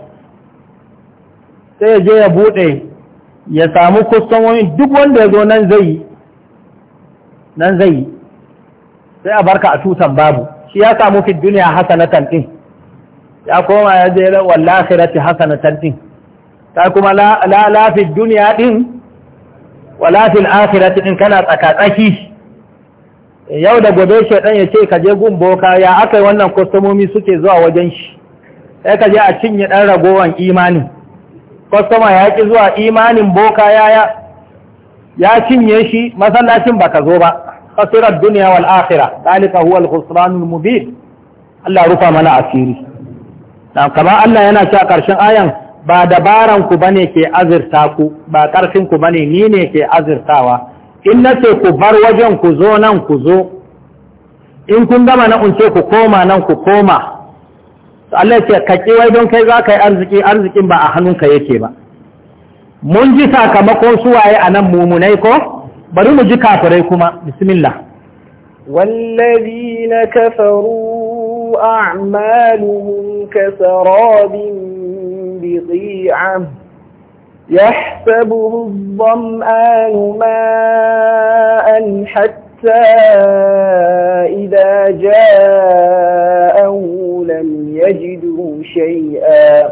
S1: sai ya je ya bude ya samu kustomomi duk wanda ya zo nan zai yi nan zai yi sai a barka a tutan babu shi ya samu fi duniya hasanatan din ya koma ya je wal akhirati hasanatan din ta kuma la la fi duniya din wala fil akhirati din kana tsaka tsaki yau da gobe shaidan ya ce kaje gun boka ya aka yi wannan kwastomomi suke zuwa wajen shi sai je a cinye ɗan ragowar imanin kwastoma ya ƙi zuwa imanin boka ya cinye shi masallacin baka zo ba fasirar duniya wal akhira dalika huwa al Allah rufa mana asiri kamar Allah yana cewa ƙarshen ayan ba dabaranku ba ne ke azirta ku ba ƙarfinku ba ne ni ne ke azirtawa in na ce ku bar wajen ku zo nan ku zo in kun gama na unce ku koma nan ku koma Allah ce ka wai don kai za ka yi arziki arzikin ba a hannunka yake ba mun ji sakamakon suwaye a nan mumunai ko bari mu ji kafirai kuma bismillah
S2: wallazina kafaru a'maluhum kasarabin bidi'ah يحسبه الظمآن ماء حتى إذا جاءه لم يجده شيئا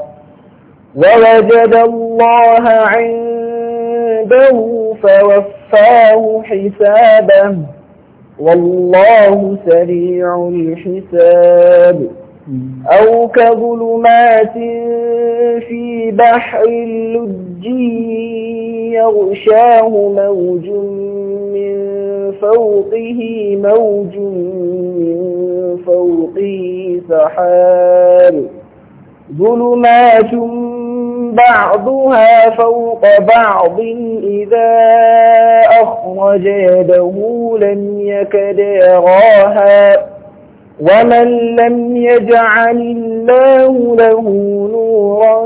S1: ووجد
S2: الله عنده فوفاه حسابه والله سريع الحساب أو كظلمات في بحر لجي يغشاه موج من فوقه موج من فوقه سحاب ظلمات بعضها فوق بعض إذا أخرج يده لم يكد يراها ومن لم يجعل الله له نورا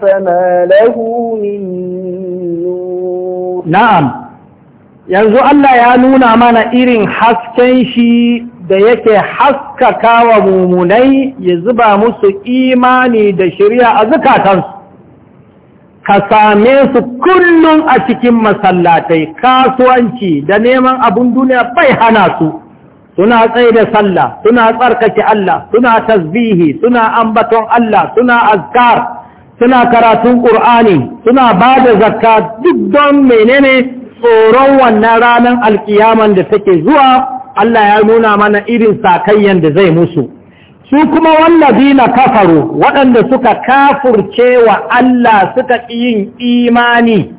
S2: فما له من
S1: نور نعم yanzu Allah ya nuna mana irin hasken shi da yake haskaka wa mumunai ya zuba musu imani da shirya a zukatansu ka same su kullum a cikin masallatai kasuwanci da neman abin duniya bai hana su suna tsaye da sallah suna tsarkake Allah suna tasbihi suna ambaton Allah suna azkar suna karatun qur'ani suna bada zakka duk don menene tsoron wannan ranar alkiyaman da take zuwa Allah ya nuna mana irin sakayyan da zai musu su kuma wallabi na kafaru waɗanda suka kafurce wa Allah suka yin imani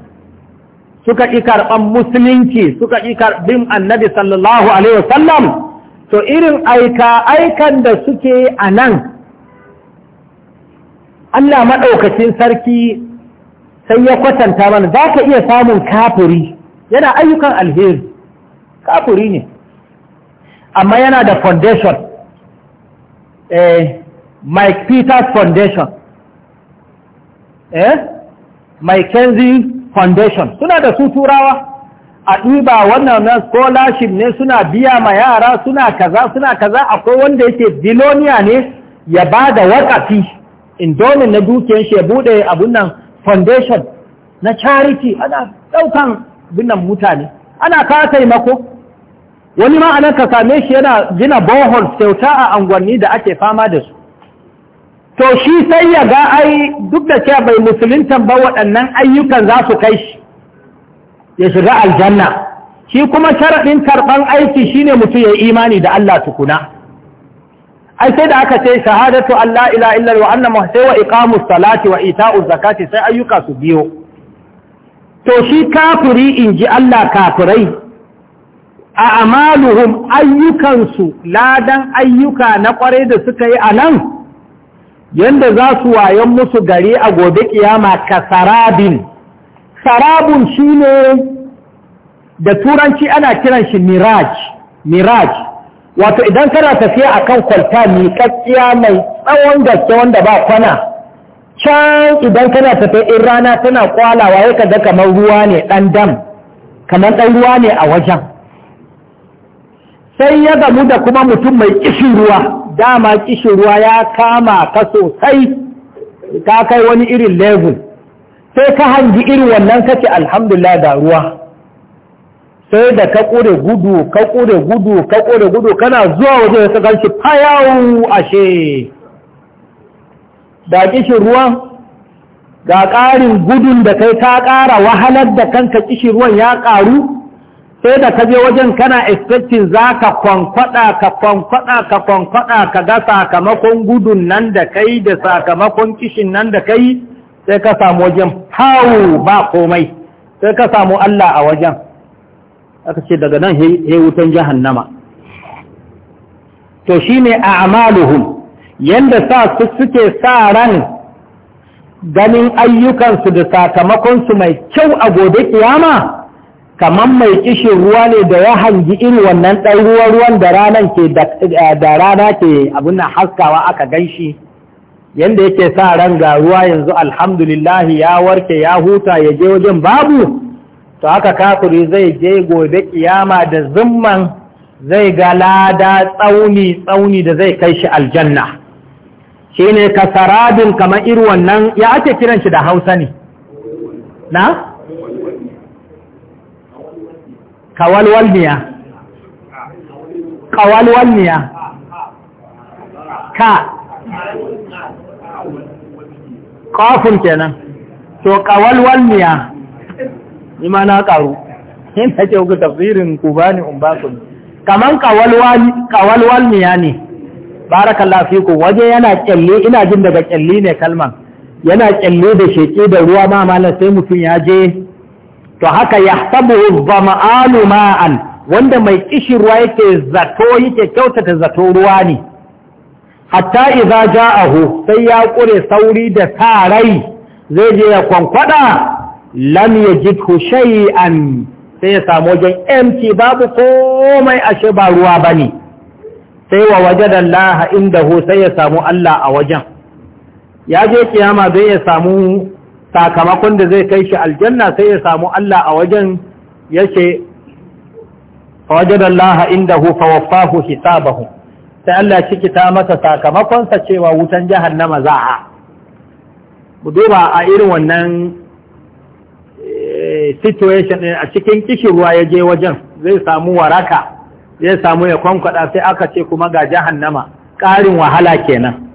S1: suka ƙi karɓan musulunci suka ƙi karɓin annabi sallallahu alaihi wasallam to irin aika aikan da suke a nan Allah maɗaukacin sarki sai ya kwatanta mana za ka iya samun kafuri yana ayyukan alheri kafuri ne amma yana da foundation eh mike peters foundation eh mike kenzie foundation suna da su turawa a ɗiba wannan na scholarship ne suna biya ma yara suna kaza suna kaza akwai wanda yake biloniya ne ya ba da wakafi indomin na dukiyar shi ya buɗe abun nan foundation na charity ana ɗaukan binnan mutane ana kawo taimako wani ma'anar ka same shi yana gina bohol kyauta a angwanni da ake fama da su to shi sai ya ga ai duk da cewa bai musuluntan ba waɗannan ayyukan za su kai shi ya shiga aljanna shi kuma sharaɗin karɓan aiki shine mutum ya imani da Allah tukuna ai sai da aka ce shahadatu Allah ila illa wa anna muhsai wa iqamus salati wa ita'uz zakati sai ayyuka su biyo to shi kafiri inji Allah kafirai a amaluhum ayyukansu ladan ayyuka na kwarai da suka yi a nan yanda za su wayo musu gari a gobe kiyama kasarabin sarabun shi ne da turanci ana kiran shi miraj miraj wato idan kana tafiya a kan kwalta miƙaƙƙiya mai tsawon gaske wanda ba kwana can idan kana tafiya in rana tana kwalawa ya kaga kamar ruwa ne ɗan dam kamar ɗan ruwa ne a wajen sai ya gamu da kuma mutum mai ƙishin ruwa dama kishin ruwa ya kama ka sosai ka kai wani irin level sai ka hangi irin wannan kake alhamdulillah da ruwa sai da ka ƙure gudu ka ƙure gudu ka ƙure gudu kana zuwa waje ka shi, fayawu ashe da kishin ruwa, ga ƙarin gudun da kai ka ƙara wahalar da kanka kishin ruwan ya ƙaru sai da ka je wajen kana expecting za ka kwankwada ka kwankwada ka kwankwada ka ga sakamakon gudun nan da kai da sakamakon kishin nan da kai sai ka samu wajen fawo ba komai sai ka samu Allah a wajen aka ce daga nan hewutan wutan nama to shi ne shine amaluhun yadda sa suke sa ran ganin ayyukansu da sakamakonsu mai kyau a gobe kiyama kamar mai kishin ruwa ne da ya hangi iri wannan ɗan ruwan da rana ke abin haskawa aka gan shi yanda yake sa ran ga ruwa yanzu alhamdulillah ya warke ya huta ya je wajen babu to haka kafiri zai je gobe kiyama da zumman zai ga lada tsauni tsauni da zai kai shi aljanna shine kasaradin kamar irin wannan ya ake kiran shi da Hausa ne na kawalwalniya
S2: kawalwalniya ka
S1: kafin kenan to ƙawalwal niya ima na ƙaru ina ce ku tafsirin ku ba ni umbakun kaman ƙawalwal niya ne Baraka fi waje yana ƙyalli ina jin daga ƙyalli ne kalman yana ƙyalli da sheƙi da ruwa ma malam sai mutum ya je to haka ya ba zama'alu ma'an wanda mai kishi ruwa yake zato yake kyautata zato ruwa ne hatta iza ja ja'ahu sai ya kure sauri da tarai zai je ya kwankwada lam ya yajidhu an sai ya samu wajen mt babu komai ashe ba ruwa ba ne. sai wa waje da laha inda hu sai ya samu Allah a wajen ya je kiyama zai ya samu sakamakon da zai kai shi aljanna sai ya samu Allah a wajen da laha inda indahu fawaffahu hisabahu sai Allah ciki ta masa sakamakonsa cewa wutan jahannama za a mu a irin wannan eh, situation a cikin kishin ruwa ya je wajen zai samu waraka zai samu ya kwankwada sai aka ce kuma ga jahannama ƙarin wahala kenan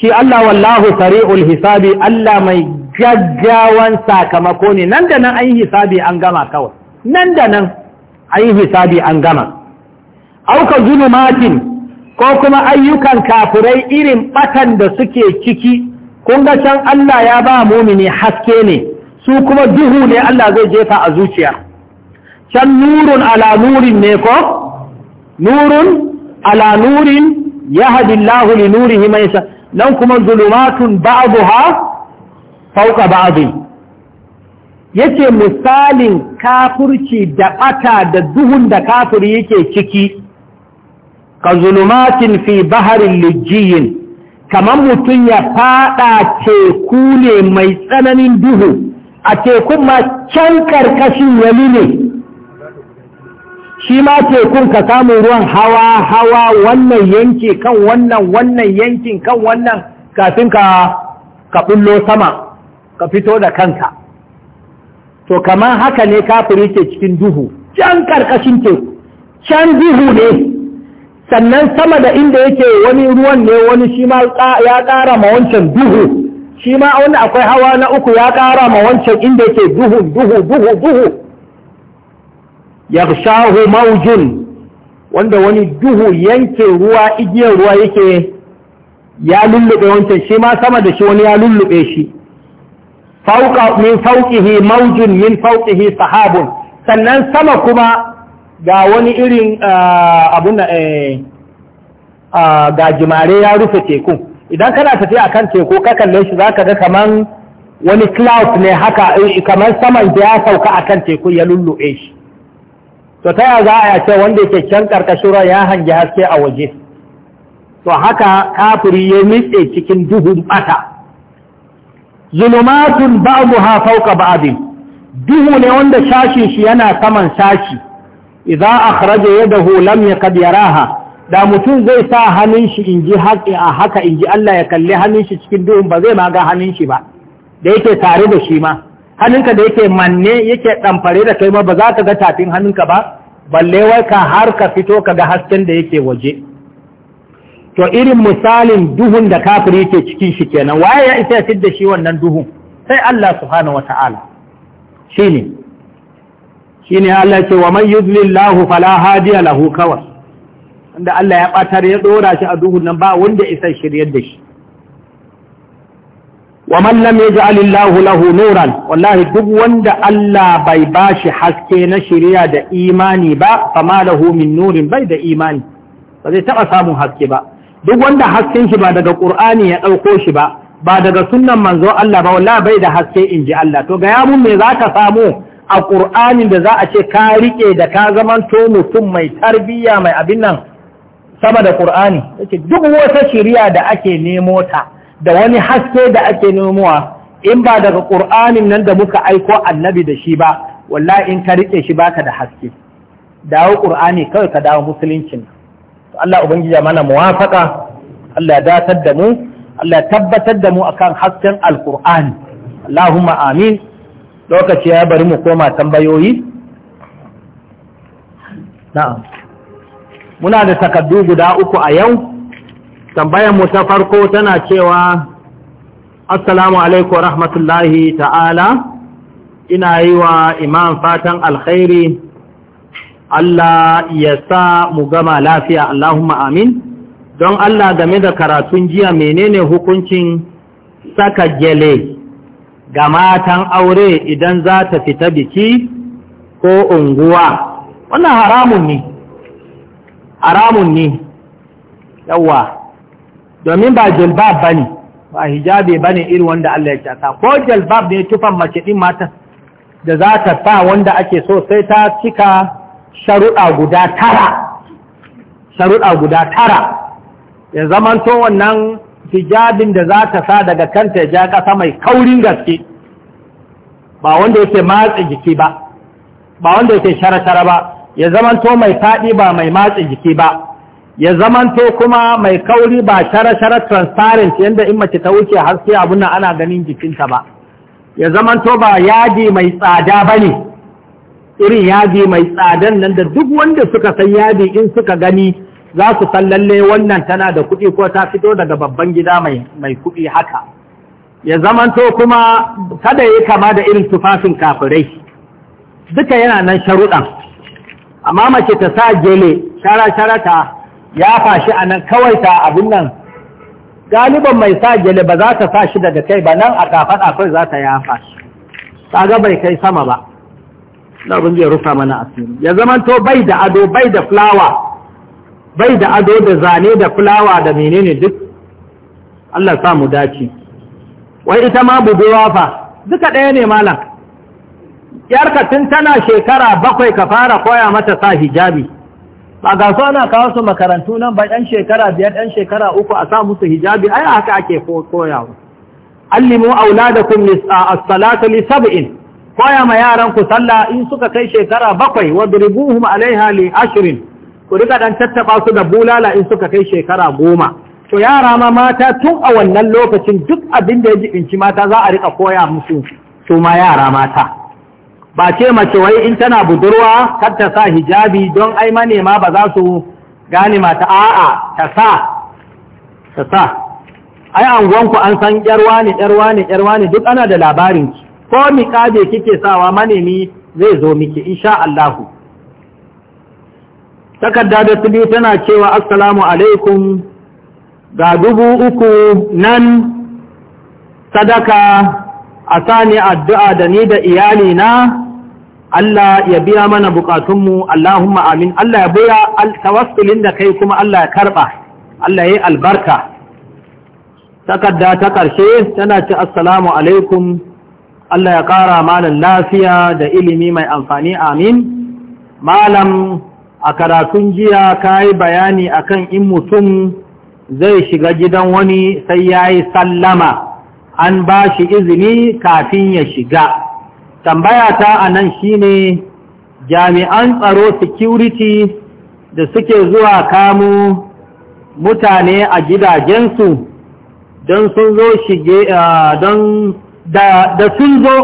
S1: shi Allah wallahu sari'ul hisabi Allah mai gaggawan sakamako ne nan da nan an yi hisabi an gama kawai nan da nan an yi hisabi an gama auka zulumatin ko kuma ayyukan kafurai irin batan da suke ciki kunga can Allah ya ba mumini haske ne su kuma duhu ne Allah zai jefa a zuciya can nurun ala nurin ne ko nurun ala nurin yahdi li nurihi man nan kuma zulumatun ba'daha fawqa ba'din yace misalin kafurci da ɓata da duhun da kafiri yake ciki ka zulumatin fi baharin lijjiyin kamar mutum ya fada teku ne mai tsananin duhu a tekun ma can karkashin wani ne shi ma tekun ka samu ruwan hawa hawa wannan yanki kan wannan wannan yankin kan wannan kafin ka ka bullo sama ka fito da kanka to kamar haka ne kafin ke cikin duhu can karkashin teku can duhu ne sannan sama da inda yake wani ruwan ne wani shi ma ya ƙara ma wancan duhu shi ma wani akwai hawa na uku ya ƙara ma wancan inda yake duhu duhu duhu duhu ya shahu maujin wanda wani duhu yanke ruwa igiyar ruwa yake ya lullube wancan shi ma sama da shi wani ya lullube shi min fauƙihi maujin min fauƙihi sahabun sannan sama kuma ga wani irin ah, abun da eh, ah, ga jimare ya rufe teku idan kana tafiya akan teku ka kalle shi ka ga kaman wani cloud ne haka eh, kamar saman da ya sauka akan teku ya lulluɓe shi to ta za a ce wanda yake can karkashin ruwa ya hangi haske a waje to haka kafiri ya nitse cikin duhun bata zulumatun ba'daha fawqa abin. duhu ne wanda shashin shi yana saman shashi idza akhraja yadahu lam yakad yaraha da mutum zai sa hannun shi in ji haƙi a haka in ji Allah ya kalli hannun shi cikin duhun ba zai ma ga hannun shi ba da yake tare da shi ma hannunka da yake manne yake ɗamfare da kai ma ba za ka ga tafin hannunka ba balle wai ka har ka fito ka ga hasken da yake waje to irin misalin duhun da kafiri yake cikin shi kenan waye ya isa ya da shi wannan duhun sai Allah subhanahu wata'ala shine shine Allah ce wa man yudlillahu fala hadiya lahu kawai wanda Allah ya batar ya dora shi a duhun nan ba wanda isa shiryar da shi wa man lam yaj'alillahu lahu nuran wallahi duk wanda Allah bai bashi haske na shiriya da imani ba fama lahu min nurin bai da imani ba zai taba samun haske ba duk wanda hasken shi ba daga Qur'ani ya dauko shi ba ba daga sunnan manzo Allah ba wallahi bai da haske inji Allah to ga ya mun me zaka samu a ƙur'anin da za a ce ka riƙe da ka zamanto mutum mai tarbiyya mai abin nan sama da ƙur'ani yake duk wata shirya da ake nemo ta da wani haske da ake nemowa in ba daga ƙur'anin nan da muka aiko annabi da shi ba wallahi in ka riƙe shi baka da haske dawo ƙur'ani kawai ka dawo musuluncin Allah ubangiji mana muwafaka Allah ya datar da mu Allah ya tabbatar da mu akan hasken alƙur'ani Allahumma amin lokaci ya bari mu koma tambayoyi na'am muna da takardu guda uku a yau tambayar mu ta farko tana cewa assalamu alaikum rahmatullahi ta'ala ina yi wa imam fatan alkhairi Allah ya sa mu gama lafiya Allahumma amin don Allah game da karatun jiya menene hukuncin saka gele ga matan aure idan za ta fita biki ko unguwa wannan haramun ne haramun ne yawa domin ba jilbab ba ne ba hijabi ba ne irin wanda Allah ya cata ko jilbab ne tufan mace ɗin mata da za ta sa wanda ake so sai ta cika sharuɗa guda tara sharuɗa guda tara ya zamanto wannan hijabin da za ta sa daga kanta ya ja ƙasa mai kaurin gaske ba wanda yake matsa jiki ba ba wanda yake shara-shara ba ya zamanto mai faɗi ba mai matsa jiki ba ya zamanto kuma mai kauri ba shara-shara transparent yadda in mace ta wuce haske abun nan ana ganin jikinta ba ya zamanto ba yadi mai tsada ba ne irin yadi mai tsadan nan da duk wanda suka san yadi in suka gani za su san lalle wannan tana da kuɗi ko ta fito daga babban gida mai kuɗi haka ya zamanto kuma kada yi kama da irin tufafin kafirai duka yana nan sharuɗan amma mace ta sa gele shara sharata ya fashi a nan kawai ta abin nan galiban mai sa gele ba za ta sa shi daga kai ba nan a kafan akwai za ta ya fashi ta bai kai sama ba na abin zai rufa mana asiri ya zamanto bai da ado bai da fulawa bai da ado da zane da fulawa da menene duk Allah sa mu dace wai ita ma bubewa fa duka ɗaya ne malam yarka tun tana shekara bakwai ka fara koya mata sa hijabi ba ga so ana kawo su makarantu nan ba ɗan shekara biyar ɗan shekara uku a sa musu hijabi ai haka ake koyawa allimu auladakum as-salata li sab'in koya ma yaran ku sallah in suka kai shekara bakwai wadribuhum alaiha li ashrin ku rika ɗan tattaɓa su da bulala in suka kai shekara goma to yara ma mata tun a wannan lokacin duk abin da ya jibinci mata za a rika koya musu su ma yara mata ba ce mace wai in tana budurwa kar ta sa hijabi don ai manema ba za su gane mata a'a ta sa ta sa ai anguwanku an san ƴarwa ne ƴarwa ne ƴarwa ne duk ana da labarin ki ko miƙabe kike sawa manemi zai zo miki insha Allahu takarda da su tana cewa assalamu alaikum ga dubu uku nan sadaka a sani addu'a da ni da iyali na Allah ya biya mana bukatunmu Allahumma amin Allah ya biya tawassulin da kai kuma Allah ya karɓa Allah ya yi albarka takarda ta ƙarshe tana ce assalamu alaikum Allah ya ƙara malam lafiya da ilimi mai amfani amin malam a karatun jiya ka yi bayani akan in mutum zai shiga gidan wani sai ya yi sallama an ba shi izini kafin ya shiga Tambayata a nan shi ne jami'an tsaro security da suke zuwa kamu mutane a gidajensu don sun zo shige don da sun zo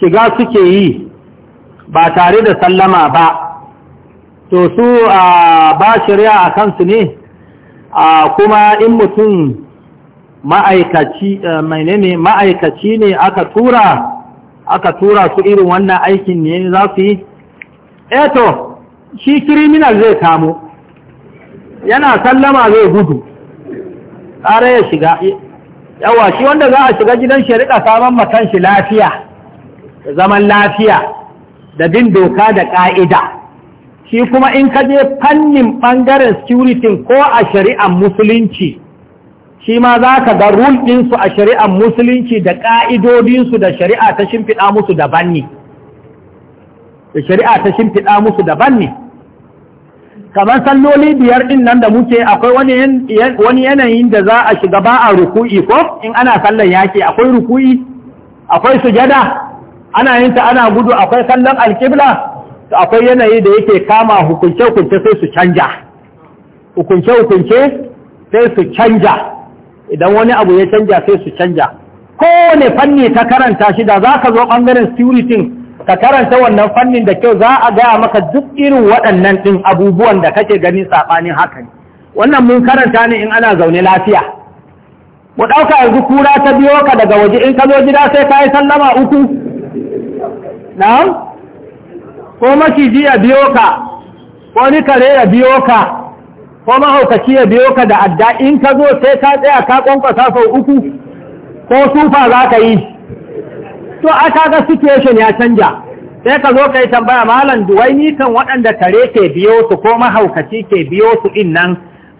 S1: shiga suke yi ba tare da sallama ba to su a ba shirya a kansu ne a kuma in mutum ma'aikaci ne aka tura aka tura su irin wannan aikin ne za su yi eto eh shi kiriminal zai kamo yana sallama zai gudu tsara ya shiga yawa shi wanda za a shiga gidan shari'a saman makan shi lafiya zaman lafiya da bin doka da ƙa'ida shi kuma in ka je fannin ɓangaren security ko a shari'ar musulunci shi ma za ka ga rul a shari'ar musulunci da ƙa'idodinsu da shari'a ta shimfiɗa musu daban ne da shari'a ta shimfiɗa musu daban ne kamar salloli biyar ɗin nan da muke akwai wani yanayin da za a shiga ba a ruku'i ko in ana sallan yaƙi akwai ruku'i akwai sujada ana yin ta ana gudu akwai kallon alƙibla to akwai yanayi da yake kama hukunce-hukunce sai su canja hukunce-hukunce sai su canja idan wani abu ya canja sai su canja kowane fanni ta karanta shi da za ka zo ɓangaren security ka karanta wannan fannin da kyau za a gaya maka duk irin waɗannan ɗin abubuwan da kake gani saɓanin haka ne wannan mun karanta ne in ana zaune lafiya mu ɗauka yanzu kura ta biyo ka daga waje in ka zo gida sai ka yi sallama uku na'am ko makiji ya biyo ka ko ni kare ya biyo ka ko mahaukaci ya biyo ka da adda in ka zo sai ka tsaya ka kwankwasa sau uku ko sufa za ka yi to aka ga situation ya canja sai ka zo ka yi tambaya malam duwai kan waɗanda kare ke biyo su ko mahaukaci ke biyo su in nan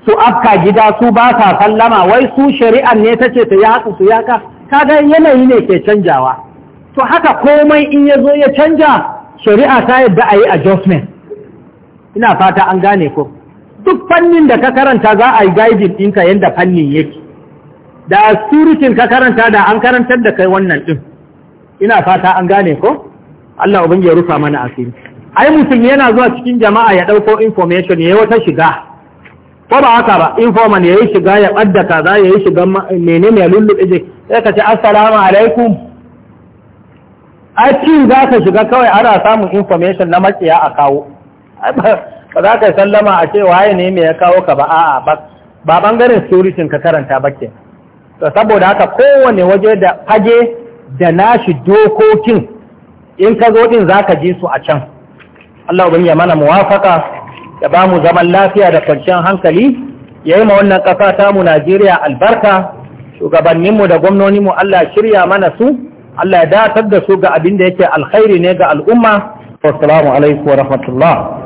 S1: su afka gida su ba sallama wai su shari'ar ne ta ce ta yi haku su yaka kaga yanayi ne ke canjawa to haka komai in ya zo ya canja shari'a ta yadda a yi adjustment ina fata an gane ko duk fannin da ka karanta za a yi gaibin ɗinka yadda fannin yake da a ka karanta da an karantar da kai wannan ɗin ina fata an gane ko Allah abin ya rufa mana asiri ai mutum yana zuwa cikin jama'a ya ɗauko information ya yi wata shiga ko ba haka ba informan ya yi shiga ya ɓadda kaza ya yi shiga menene ya lullube je sai ka ce assalamu alaikum a cin za ka shiga kawai ana samun information na makiya a kawo ba za ka sallama a ce waye ne mai ya kawo ka ba a ba bangaren security ka karanta ba ke saboda haka kowane waje da fage da nashi dokokin in ka zo din za ka ji su a can Allah ya mana muwafaka da ba mu zaman lafiya da kwanciyar hankali ya yi ma wannan ƙasa tamu Najeriya albarka shugabanninmu da gwamnoninmu Allah shirya mana su Allah ya datar da su ga abin da yake alkhairi ne ga al'umma wassalamu alaikum wa rahmatullah